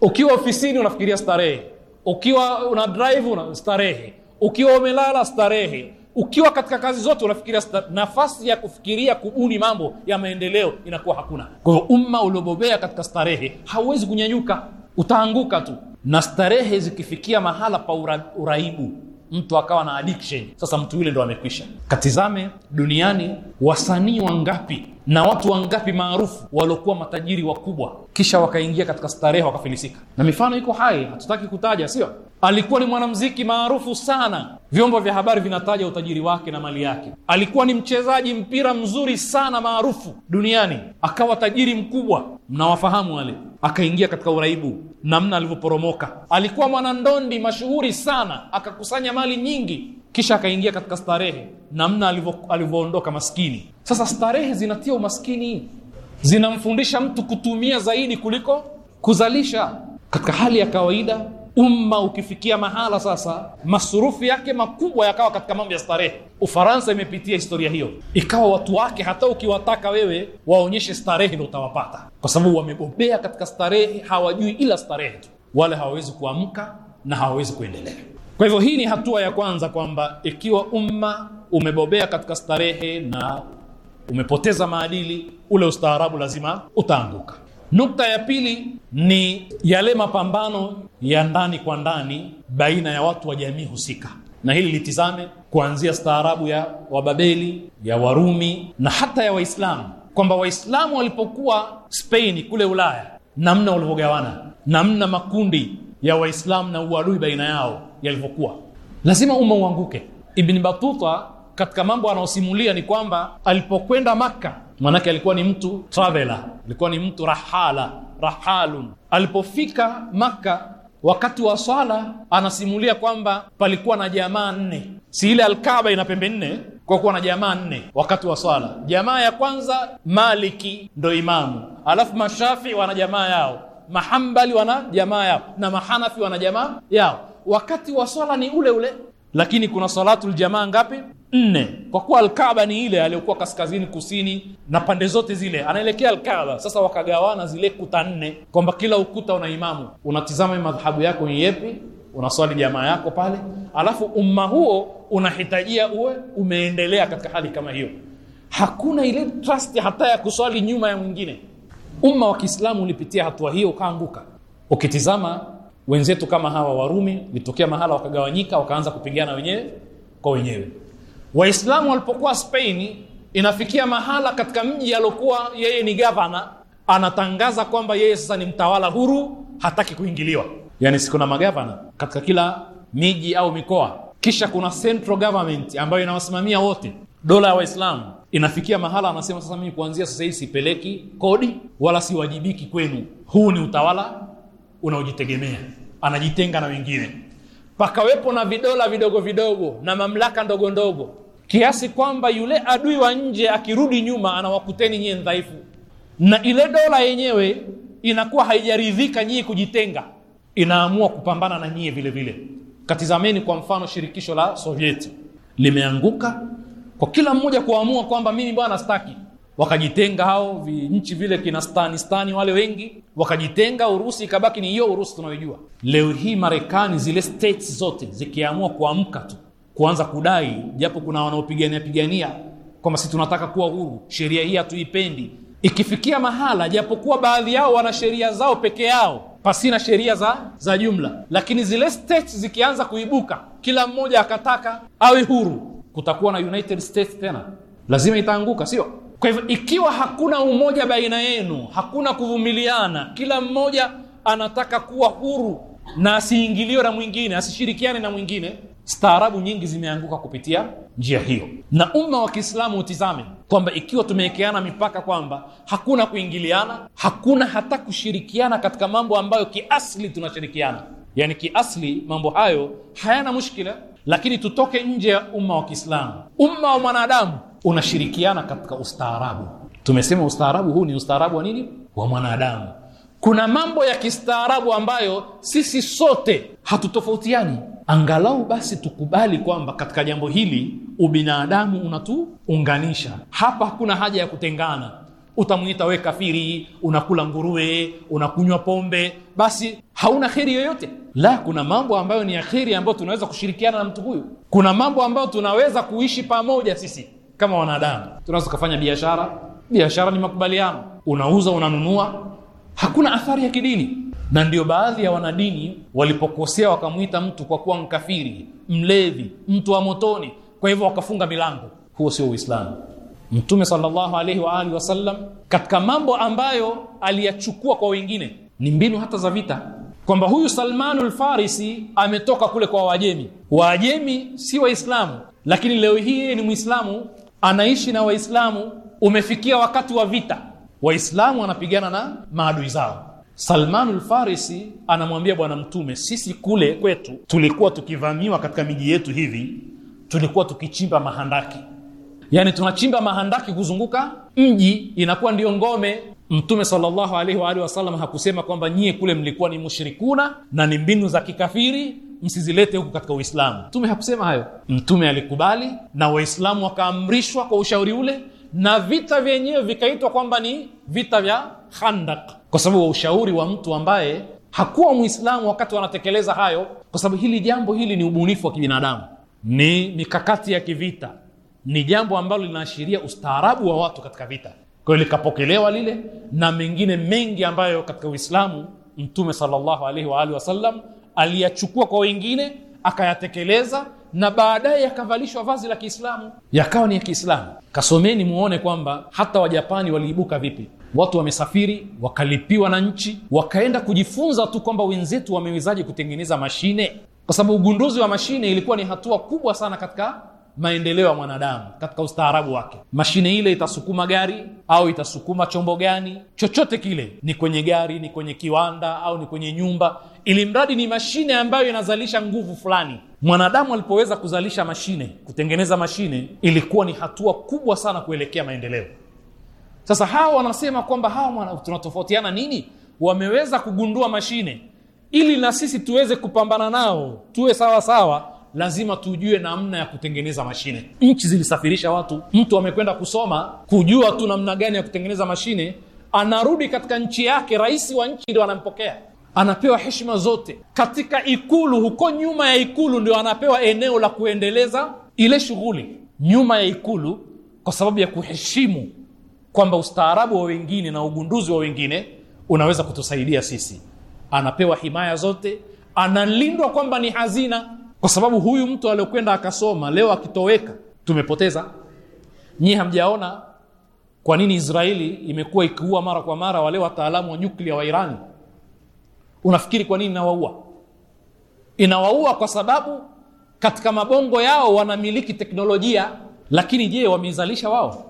Ukiwa ofisini unafikiria starehe, ukiwa una drive una starehe, ukiwa umelala starehe, ukiwa katika kazi zote unafikiria starehe. Nafasi ya kufikiria kubuni mambo ya maendeleo inakuwa hakuna. Kwa hiyo umma uliobobea katika starehe hauwezi kunyanyuka, utaanguka tu. Na starehe zikifikia mahala pa ura, uraibu mtu akawa na addiction. Sasa mtu yule ndo amekwisha. Katizame duniani wasanii wangapi na watu wangapi maarufu waliokuwa matajiri wakubwa, kisha wakaingia katika starehe wakafilisika. Na mifano iko hai, hatutaki kutaja, sio? Alikuwa ni mwanamziki maarufu sana, vyombo vya habari vinataja utajiri wake na mali yake. Alikuwa ni mchezaji mpira mzuri sana maarufu duniani, akawa tajiri mkubwa, mnawafahamu wale. Akaingia katika uraibu, namna alivyoporomoka. Alikuwa mwanandondi mashuhuri sana, akakusanya mali nyingi kisha akaingia katika starehe, namna alivyoondoka maskini. Sasa starehe zinatia umaskini, zinamfundisha mtu kutumia zaidi kuliko kuzalisha. Katika hali ya kawaida, umma ukifikia mahala sasa, masurufu yake makubwa yakawa katika mambo ya starehe. Ufaransa imepitia historia hiyo, ikawa watu wake hata ukiwataka wewe waonyeshe starehe ndo utawapata, kwa sababu wamebobea katika starehe, hawajui ila starehe tu, wala hawawezi kuamka na hawawezi kuendelea. Kwa hivyo hii ni hatua ya kwanza kwamba ikiwa umma umebobea katika starehe na umepoteza maadili, ule ustaarabu lazima utaanguka. Nukta ya pili ni yale mapambano ya ndani kwa ndani baina ya watu wa jamii husika, na hili litizame kuanzia staarabu ya Wababeli, ya Warumi na hata ya Waislamu, kwamba Waislamu walipokuwa Spain kule Ulaya, namna walivyogawana, namna makundi ya Waislamu na uadui baina yao yalivyokuwa. Lazima umma uanguke. Ibn Batuta katika mambo anaosimulia ni kwamba alipokwenda Makka, manake alikuwa ni mtu traveler, alikuwa ni mtu rahala, rahalun. Alipofika Makka wakati wa swala, anasimulia kwamba palikuwa na jamaa nne, si ile alkaba ina pembe nne kwa kuwa na jamaa nne wakati wa swala. Jamaa ya kwanza Maliki ndo imamu, alafu Mashafii wana jamaa yao, Mahambali wana jamaa yao na Mahanafi wana jamaa yao wakati wa swala ni ule ule, lakini kuna salatu ljamaa ngapi? Nne. Kwa kuwa Alkaaba ni ile aliyokuwa kaskazini, kusini na pande zote zile, anaelekea Alkaaba. Sasa wakagawana zile kuta nne, kwamba kila ukuta una imamu, unatizama madhhabu yako ni yepi, unaswali jamaa yako pale, alafu umma huo unahitajia uwe umeendelea katika hali kama hiyo. Hakuna ile trust hata ya kuswali nyuma ya mwingine. Umma wa Kiislamu ulipitia hatua hiyo ukaanguka. Ukitizama wenzetu kama hawa Warumi litokea mahala wakagawanyika wakaanza kupigana wenyewe kwa wenyewe. Waislamu walipokuwa Spain, inafikia mahala katika mji aliokuwa yeye ni gavana anatangaza kwamba yeye sasa ni mtawala huru, hataki kuingiliwa. Yani si kuna magavana katika kila miji au mikoa, kisha kuna central government ambayo inawasimamia wote, dola ya Waislamu. Inafikia mahala anasema sasa, mimi kuanzia sasa hivi sipeleki kodi wala siwajibiki kwenu, huu ni utawala unaojitegemea anajitenga na wengine pakawepo na vidola vidogo vidogo na mamlaka ndogo ndogo kiasi kwamba yule adui wa nje akirudi nyuma anawakuteni nyie ndhaifu na ile dola yenyewe inakuwa haijaridhika nyie kujitenga inaamua kupambana na nyie vile vile katizameni kwa mfano shirikisho la sovieti limeanguka kwa kila mmoja kuamua kwamba mimi bwana staki wakajitenga hao nchi vile kina stani wale wengi wakajitenga urusi ikabaki ni hiyo urusi tunayojua leo hii marekani zile states zote zikiamua kuamka tu kuanza kudai japo kuna wanaopigania pigania kwamba si tunataka kuwa huru sheria hii hatuipendi ikifikia mahala japokuwa baadhi yao wana sheria zao peke yao pasina sheria za, za jumla lakini zile states zikianza kuibuka kila mmoja akataka awe huru kutakuwa na united states tena lazima itaanguka sio kwa hivyo ikiwa hakuna umoja baina yenu hakuna kuvumiliana kila mmoja anataka kuwa huru na asiingiliwe na mwingine asishirikiane na mwingine staarabu nyingi zimeanguka kupitia njia hiyo na umma wa kiislamu utizame kwamba ikiwa tumewekeana mipaka kwamba hakuna kuingiliana hakuna hata kushirikiana katika mambo ambayo kiasli tunashirikiana yani kiasli mambo hayo hayana mushkila lakini tutoke nje ya umma wa Kiislamu, umma wa mwanadamu unashirikiana katika ustaarabu. Tumesema ustaarabu huu ni ustaarabu wa nini? Wa mwanadamu. Kuna mambo ya kistaarabu ambayo sisi sote hatutofautiani, angalau basi tukubali kwamba katika jambo hili ubinadamu unatuunganisha. Hapa hakuna haja ya kutengana utamwita we kafiri, unakula nguruwe, unakunywa pombe, basi hauna kheri yoyote. La, kuna mambo ambayo ni ya kheri ambayo tunaweza kushirikiana na mtu huyu. Kuna mambo ambayo tunaweza kuishi pamoja sisi kama wanadamu. Tunaweza kufanya biashara. Biashara ni makubaliano, unauza unanunua, hakuna athari ya kidini. Na ndio baadhi ya wanadini walipokosea wakamwita mtu kwa kuwa mkafiri, mlevi, mtu wa motoni, kwa hivyo wakafunga milango. Huo sio Uislamu. Mtume sallallahu alaihi wa alihi wasallam katika mambo ambayo aliyachukua kwa wengine ni mbinu hata za vita, kwamba huyu Salmanu Lfarisi ametoka kule kwa Waajemi. Waajemi si Waislamu, lakini leo hii yeye ni Mwislamu, anaishi na Waislamu. Umefikia wakati wa vita, Waislamu wanapigana na maadui zao. Salmanu Lfarisi anamwambia Bwana Mtume, sisi kule kwetu tulikuwa tukivamiwa katika miji yetu hivi, tulikuwa tukichimba mahandaki yani tunachimba mahandaki kuzunguka mji, inakuwa ndiyo ngome. Mtume salllahu alaihi waalihi wasallam hakusema kwamba nyie kule mlikuwa ni mushrikuna na ni mbinu za kikafiri msizilete huku katika Uislamu. Mtume hakusema hayo. Mtume alikubali na Waislamu wakaamrishwa kwa ushauri ule, na vita vyenyewe vikaitwa kwamba ni vita vya Khandak kwa sababu wa ushauri wa mtu ambaye hakuwa Mwislamu wakati wanatekeleza hayo, kwa sababu hili jambo hili ni ubunifu wa kibinadamu, ni mikakati ya kivita ni jambo ambalo linaashiria ustaarabu wa watu katika vita kwa hiyo likapokelewa lile na mengine mengi ambayo katika uislamu mtume salllahu alaihi alihi wasallam aliyachukua kwa wengine akayatekeleza na baadaye yakavalishwa vazi la kiislamu yakawa ni ya kiislamu kasomeni muone kwamba hata wajapani waliibuka vipi watu wamesafiri wakalipiwa na nchi wakaenda kujifunza tu kwamba wenzetu wamewezaje kutengeneza mashine kwa sababu ugunduzi wa mashine ilikuwa ni hatua kubwa sana katika maendeleo ya mwanadamu katika ustaarabu wake. Mashine ile itasukuma gari au itasukuma chombo gani chochote kile, ni kwenye gari, ni kwenye kiwanda au ni kwenye nyumba, ili mradi ni mashine ambayo inazalisha nguvu fulani. Mwanadamu alipoweza kuzalisha mashine, kutengeneza mashine, ilikuwa ni hatua kubwa sana kuelekea maendeleo. Sasa hawa wanasema kwamba hawa tunatofautiana nini? Wameweza kugundua mashine, ili na sisi tuweze kupambana nao, tuwe sawa sawa lazima tujue namna ya kutengeneza mashine. Nchi zilisafirisha watu, mtu amekwenda kusoma kujua tu namna gani ya kutengeneza mashine, anarudi katika nchi yake, rais wa nchi ndio anampokea, anapewa heshima zote katika Ikulu. Huko nyuma ya Ikulu ndio anapewa eneo la kuendeleza ile shughuli nyuma ya Ikulu, kwa sababu ya kuheshimu kwamba ustaarabu wa wengine na ugunduzi wa wengine unaweza kutusaidia sisi. Anapewa himaya zote, analindwa kwamba ni hazina kwa sababu huyu mtu aliokwenda akasoma leo akitoweka tumepoteza nyie hamjaona kwa nini israeli imekuwa ikiua mara kwa mara wale wataalamu wa nyuklia wa irani unafikiri kwa nini inawaua inawaua kwa sababu katika mabongo yao wanamiliki teknolojia lakini je wamezalisha wao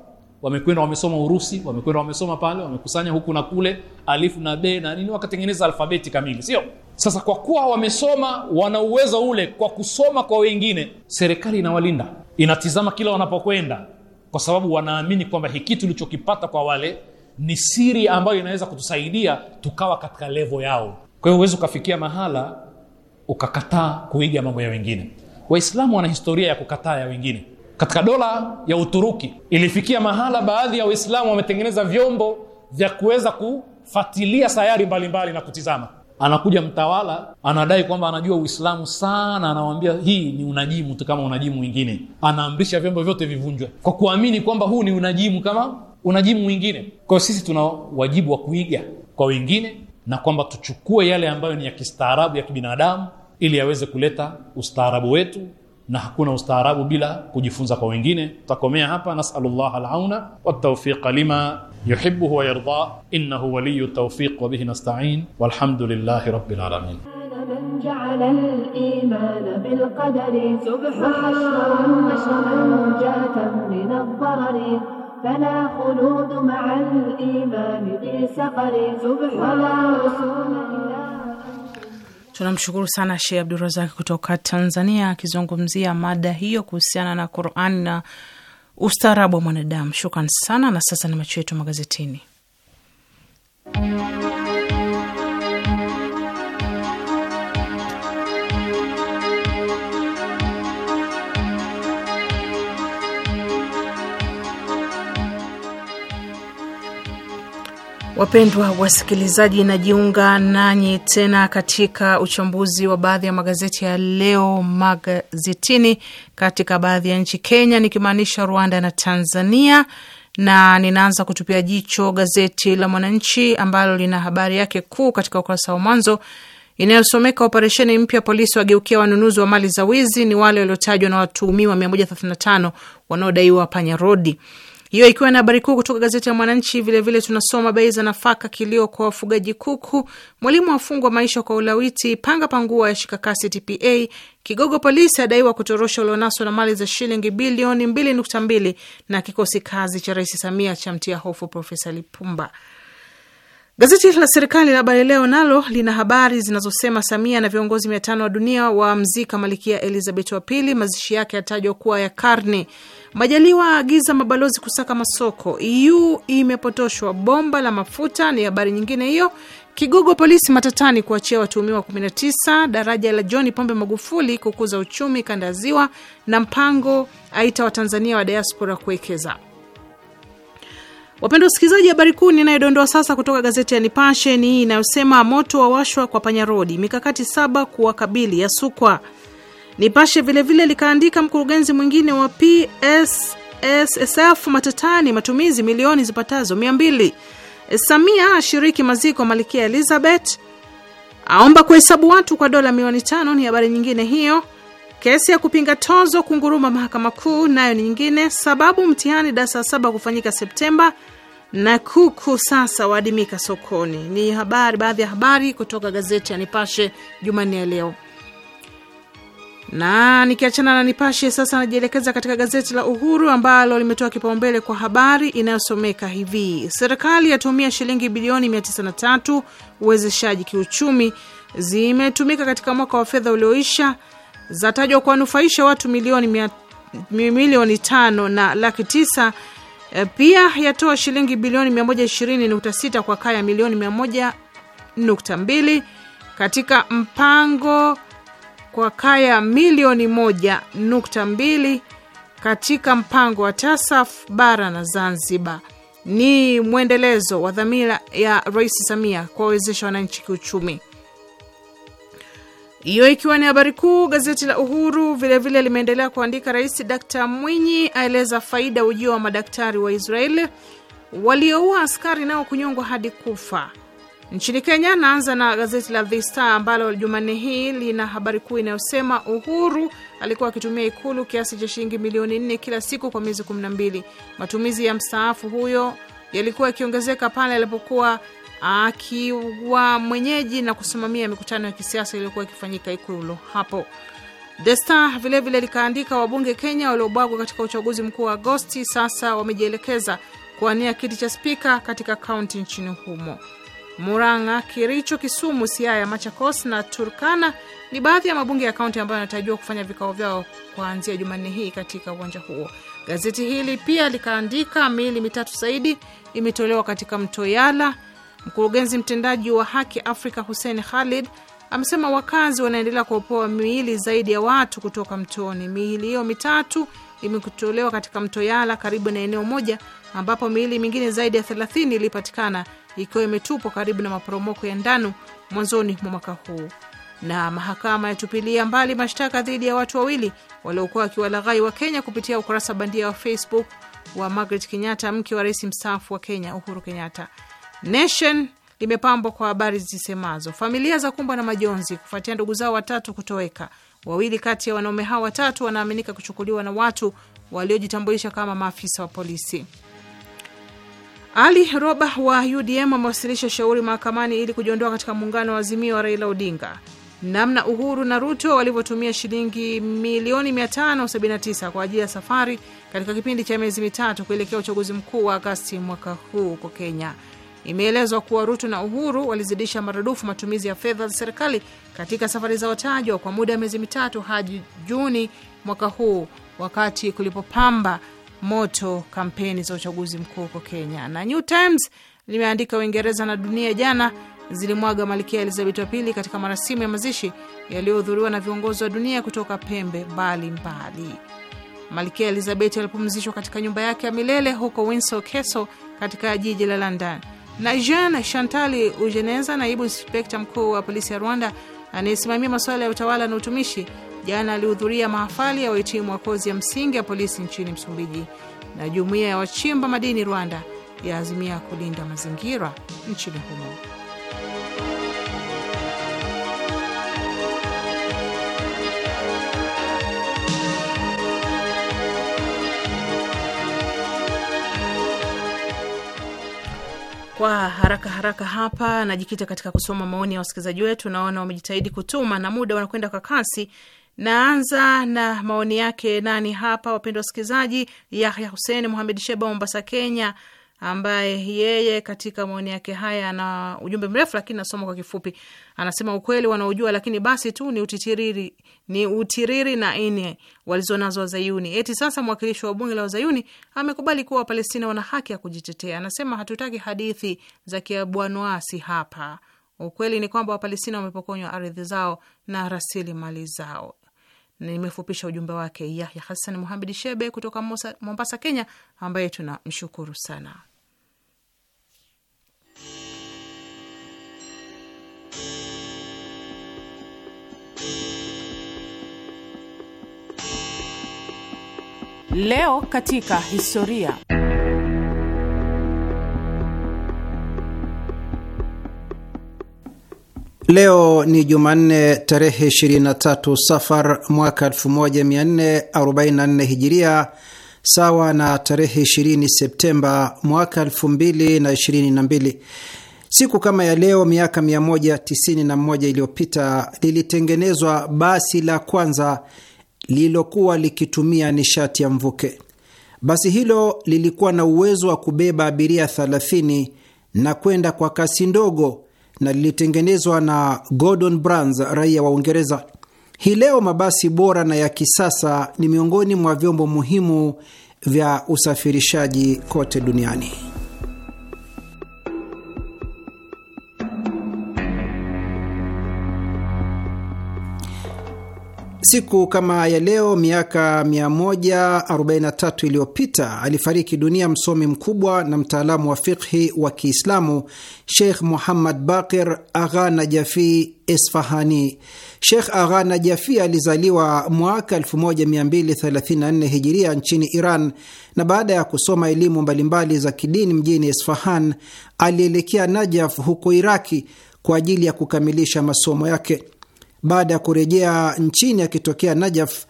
wamekwenda wamesoma urusi wamekwenda wamesoma pale wamekusanya huku na kule alifu na be na nini wakatengeneza alfabeti kamili sio sasa kwa kuwa wamesoma wana uwezo ule kwa kusoma kwa wengine serikali inawalinda inatizama kila wanapokwenda kwa sababu wanaamini kwamba hiki tulichokipata kwa wale ni siri ambayo inaweza kutusaidia tukawa katika levo yao kwa hiyo huwezi ukafikia mahala ukakataa kuiga mambo ya wengine waislamu wana historia ya kukataa ya wengine katika dola ya Uturuki ilifikia mahala baadhi ya Waislamu wametengeneza vyombo vya kuweza kufatilia sayari mbalimbali mbali na kutizama. Anakuja mtawala anadai kwamba anajua Uislamu sana, anawambia hii ni unajimu tu kama unajimu mwingine, anaamrisha vyombo vyote vivunjwe kwa kuamini kwamba huu ni unajimu kama unajimu mwingine. Kwa sisi tuna wajibu wa kuiga kwa wengine na kwamba tuchukue yale ambayo ni ya kistaarabu ya kibinadamu ili yaweze kuleta ustaarabu wetu na hakuna ustaarabu bila kujifunza kwa wengine tutakomea hapa nasallallahu alauna والتوفيق لما يحبه ويرضاه انه ولي التوفيق وبه نستعين والحمد لله رب العالمين من جعل الإيمان بالقدر وحشرا نشرا جاتا من الضرر فلا خلود مع الإيمان في سقر ولا رسول Tunamshukuru sana sheh Abdurazak kutoka Tanzania akizungumzia mada hiyo kuhusiana na Qurani na ustaarabu wa mwanadamu. Shukran sana, na sasa ni macho yetu magazetini. Wapendwa wasikilizaji, najiunga nanyi tena katika uchambuzi wa baadhi ya magazeti ya leo magazetini, katika baadhi ya nchi, Kenya nikimaanisha Rwanda na Tanzania, na ninaanza kutupia jicho gazeti la Mwananchi ambalo lina habari yake kuu katika ukurasa wa mwanzo inayosomeka operesheni mpya, polisi wageukia wanunuzi wa mali za wizi, ni wale waliotajwa na watuhumiwa 135 wanaodaiwa panya rodi. Hiyo ikiwa ni habari kuu kutoka gazeti ya Mwananchi. Vilevile tunasoma bei za nafaka, kilio kwa wafugaji kuku, mwalimu afungwa maisha kwa ulawiti, panga pangua ya shikakasi TPA, kigogo polisi adaiwa kutorosha ulionaswa na mali za shilingi bilioni 2.2, na kikosi kazi cha Rais Samia cha mtia hofu Profesa Lipumba. Gazeti la serikali la Habari Leo nalo lina habari zinazosema Samia na viongozi mia tano wa dunia wamzika Malikia Elizabeth wa Pili, mazishi yake yatajwa kuwa ya karne. Majaliwa aagiza mabalozi kusaka masoko. EU imepotoshwa bomba la mafuta, ni habari nyingine hiyo. Kigogo polisi matatani kuachia watuhumiwa 19. Daraja la John Pombe Magufuli kukuza uchumi kanda ya Ziwa, na Mpango aita Watanzania wa diaspora kuwekeza Wapendwa wasikilizaji, habari kuu ninayodondoa sasa kutoka gazeti ya Nipashe ni hii inayosema moto wawashwa kwa panyarodi, mikakati saba kuwakabili yasukwa. Nipashe vilevile likaandika mkurugenzi mwingine wa PSSSF matatani, matumizi milioni zipatazo mia mbili. Samia ashiriki maziko Malkia Elizabeth, aomba kuhesabu watu kwa dola milioni tano. Ni habari nyingine hiyo. Kesi ya kupinga tozo kunguruma mahakama kuu nayo ni nyingine sababu, mtihani darasa saba kufanyika Septemba na kuku sasa waadimika sokoni. Ni habari baadhi ya habari kutoka gazeti ya Nipashe Jumanne ya leo. Na nikiachana na Nipashe, sasa najielekeza katika gazeti la Uhuru ambalo limetoa kipaumbele kwa habari inayosomeka hivi: serikali yatumia shilingi bilioni 93 uwezeshaji kiuchumi, zimetumika katika mwaka wa fedha ulioisha zatajwa kuwanufaisha watu milioni mia, milioni tano na laki tisa. E, pia yatoa shilingi bilioni 120.6 kwa kaya milioni 100.2 katika mpango kwa kaya milioni 1.2 katika mpango wa TASAF bara na Zanzibar. Ni mwendelezo wa dhamira ya Rais Samia kuwawezesha wananchi kiuchumi. Hiyo ikiwa ni habari kuu. Gazeti la Uhuru vilevile limeendelea kuandika, Rais Dkt Mwinyi aeleza faida ujio wa madaktari wa Israeli, walioua askari nao kunyongwa hadi kufa. Nchini Kenya, naanza na gazeti la The Star ambalo Jumanne hii lina habari kuu inayosema Uhuru alikuwa akitumia Ikulu kiasi cha shilingi milioni nne kila siku kwa miezi 12. Matumizi ya mstaafu huyo yalikuwa yakiongezeka pale alipokuwa akiwa mwenyeji na kusimamia mikutano ya kisiasa iliyokuwa ikifanyika Ikulu hapo. The Star vilevile likaandika wabunge Kenya waliobwagwa katika uchaguzi mkuu wa Agosti sasa wamejielekeza kuwania kiti cha spika katika kaunti nchini humo. Murang'a, Kiricho, Kisumu, Siaya, Machakos na Turkana ni baadhi ya mabunge ya kaunti ambayo yanatarajiwa kufanya vikao vyao kuanzia Jumanne hii katika uwanja huo. Gazeti hili pia likaandika miili mitatu zaidi imetolewa katika mto Yala Mkurugenzi mtendaji wa Haki Afrika Hussein Khalid amesema wakazi wanaendelea kuopoa miili zaidi ya watu kutoka mtoni. Miili hiyo mitatu imekutolewa katika mto Yala karibu na eneo moja ambapo miili mingine zaidi ya 30 ilipatikana ikiwa imetupwa karibu na maporomoko ya Ndanu mwanzoni mwa mwaka huu. Na mahakama yatupilia mbali mashtaka dhidi ya watu wawili waliokuwa wakiwalaghai wa Kenya kupitia ukurasa bandia wa Facebook wa Margaret Kenyatta, mke wa rais mstaafu wa Kenya Uhuru Kenyatta. Nation limepambwa kwa habari zisemazo familia za kumbwa na majonzi kufuatia ndugu zao watatu kutoweka. Wawili kati ya wanaume hao watatu wanaaminika kuchukuliwa na watu waliojitambulisha kama maafisa wa polisi. Ali Roba wa UDM amewasilisha shauri mahakamani ili kujiondoa katika muungano wa Azimio wa Raila Odinga. Namna Uhuru na Ruto walivyotumia shilingi milioni 579 kwa ajili ya safari katika kipindi cha miezi mitatu kuelekea uchaguzi mkuu wa Agasti mwaka huu huko Kenya. Imeelezwa kuwa Ruto na Uhuru walizidisha maradufu matumizi ya fedha za serikali katika safari zao tajwa kwa muda wa miezi mitatu hadi Juni mwaka huu, wakati kulipopamba moto kampeni za uchaguzi mkuu huko Kenya. Na New Times limeandika Uingereza na dunia jana zilimwaga Malkia Elizabeth wa pili katika marasimu ya mazishi yaliyohudhuriwa na viongozi wa dunia kutoka pembe mbalimbali. Malkia Elizabeth alipumzishwa katika nyumba yake ya milele huko Windsor Castle katika jiji la London. Na Jean Shantali Ujeneza, naibu inspekta mkuu wa polisi ya Rwanda anayesimamia masuala ya utawala na utumishi, jana alihudhuria mahafali ya wahitimu wa kozi ya msingi ya polisi nchini Msumbiji. Na jumuiya ya wachimba madini Rwanda yaazimia kulinda mazingira nchini humo. Kwa haraka haraka hapa najikita katika kusoma maoni ya wasikilizaji wetu, naona wamejitahidi kutuma na muda wanakwenda kwa kasi. Naanza na maoni yake nani hapa, wapendwa wasikilizaji, Yahya huseni Muhamed Sheba, Mombasa, Kenya, ambaye yeye katika maoni yake haya ana ujumbe mrefu, lakini nasoma kwa kifupi. Anasema ukweli wanaojua, lakini basi tu ni utitiriri, ni utiriri na ini walizonazo Wazayuni. Eti sasa mwakilishi wa bunge la Wazayuni amekubali kuwa Wapalestina wana haki ya kujitetea. Anasema hatutaki hadithi za kiabwanwasi hapa. Ukweli ni kwamba Wapalestina wamepokonywa ardhi zao na rasilimali zao. Nimefupisha ujumbe wake Yahya Hasan Muhamed Shebe kutoka Mombasa, Kenya, ambaye tunamshukuru sana. Leo katika historia Leo ni Jumanne tarehe 23 Safar mwaka 1444 Hijiria, sawa na tarehe 20 Septemba mwaka 2022. Siku kama ya leo miaka 191 iliyopita lilitengenezwa basi la kwanza lililokuwa likitumia nishati ya mvuke. Basi hilo lilikuwa na uwezo wa kubeba abiria 30 na kwenda kwa kasi ndogo na lilitengenezwa na Gordon Brans, raia wa Uingereza. Hii leo mabasi bora na ya kisasa ni miongoni mwa vyombo muhimu vya usafirishaji kote duniani. Siku kama ya leo miaka 143 iliyopita alifariki dunia msomi mkubwa na mtaalamu wa fikhi wa Kiislamu Sheikh Muhammad Baqir Agha Najafi Esfahani. Sheikh Agha Najafi alizaliwa mwaka 1234 hijiria nchini Iran, na baada ya kusoma elimu mbalimbali za kidini mjini Esfahan alielekea Najaf huko Iraki kwa ajili ya kukamilisha masomo yake baada ya kurejea nchini akitokea Najaf.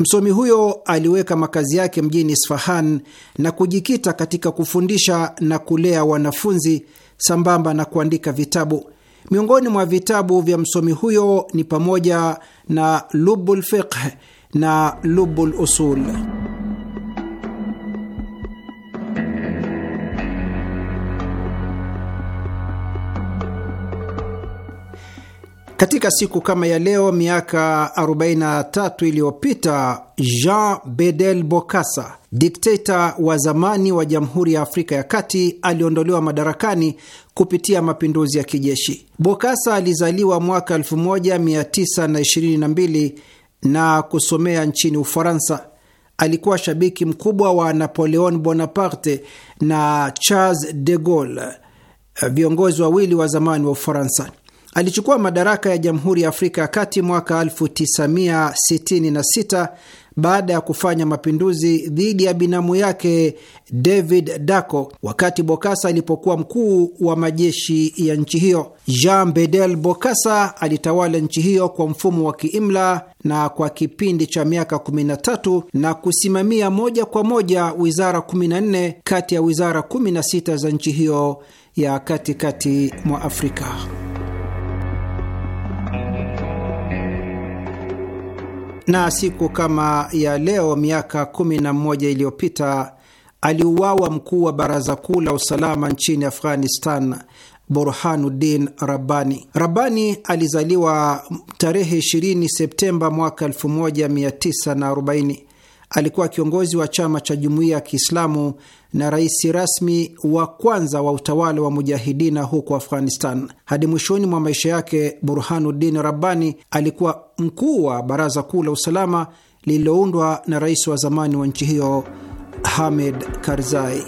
Msomi huyo aliweka makazi yake mjini Isfahan na kujikita katika kufundisha na kulea wanafunzi sambamba na kuandika vitabu. Miongoni mwa vitabu vya msomi huyo ni pamoja na Lubul Fiqh na Lubul Usul. Katika siku kama ya leo miaka 43 iliyopita Jean Bedel Bokassa, dikteta wa zamani wa Jamhuri ya Afrika ya Kati, aliondolewa madarakani kupitia mapinduzi ya kijeshi. Bokassa alizaliwa mwaka 1922 na kusomea nchini Ufaransa. Alikuwa shabiki mkubwa wa Napoleon Bonaparte na Charles de Gaulle, viongozi wawili wa zamani wa Ufaransa. Alichukua madaraka ya Jamhuri ya Afrika ya Kati mwaka 1966 baada ya kufanya mapinduzi dhidi ya binamu yake David daco wakati bokasa alipokuwa mkuu wa majeshi ya nchi hiyo. Jean Bedel bokasa alitawala nchi hiyo kwa mfumo wa kiimla na kwa kipindi cha miaka 13 na kusimamia moja kwa moja wizara 14 kati ya wizara 16 za nchi hiyo ya katikati mwa Afrika. na siku kama ya leo miaka 11 iliyopita aliuawa mkuu wa baraza kuu la usalama nchini Afghanistan, Burhanuddin Rabbani. Rabbani alizaliwa tarehe 20 Septemba mwaka 1940 Alikuwa kiongozi wa chama cha Jumuiya ya Kiislamu na rais rasmi wa kwanza wa utawala wa mujahidina huko Afghanistan. Hadi mwishoni mwa maisha yake, Burhanuddin Rabbani alikuwa mkuu wa Baraza Kuu la Usalama lililoundwa na rais wa zamani wa nchi hiyo Hamid Karzai.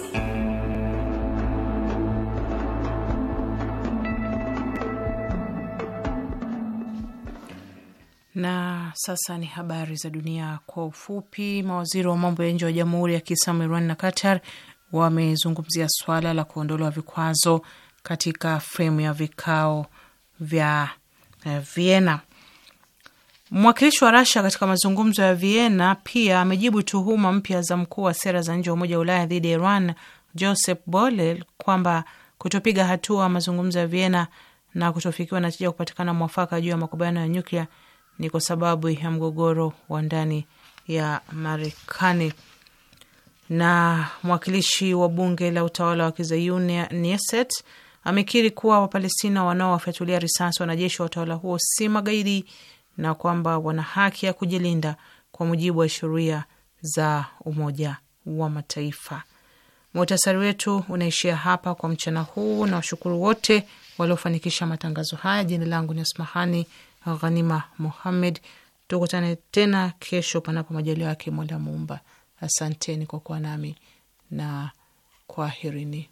na sasa ni habari za dunia kwa ufupi. Mawaziri wa mambo ya nje wa Jamhuri ya Kiislamu Iran na Qatar wamezungumzia swala la kuondolewa vikwazo katika fremu ya vikao vya eh, Vienna. Mwakilishi wa Rasha katika mazungumzo ya Vienna pia amejibu tuhuma mpya za mkuu wa sera za nje wa Umoja wa Ulaya dhidi ya Iran Joseph Borrell kwamba kutopiga hatua mazungumzo ya Vienna na kutofikiwa na tija kupatikana mwafaka juu ya makubaliano ya nyuklia ni kwa sababu ya mgogoro wa ndani ya Marekani. Na mwakilishi wa bunge la utawala wa kizayuni amekiri kuwa Wapalestina wanaowafyatulia risasi wanajeshi wa utawala huo si magaidi na kwamba wana haki ya kujilinda kwa mujibu wa sheria za Umoja wa Mataifa. Muhtasari wetu unaishia hapa kwa mchana huu, na washukuru wote waliofanikisha matangazo haya. Jina langu ni Asmahani Ghanima Muhammed. Tukutane tena kesho, panapo majalio yake Mola Muumba. Asanteni kwa kuwa nami na kwaherini.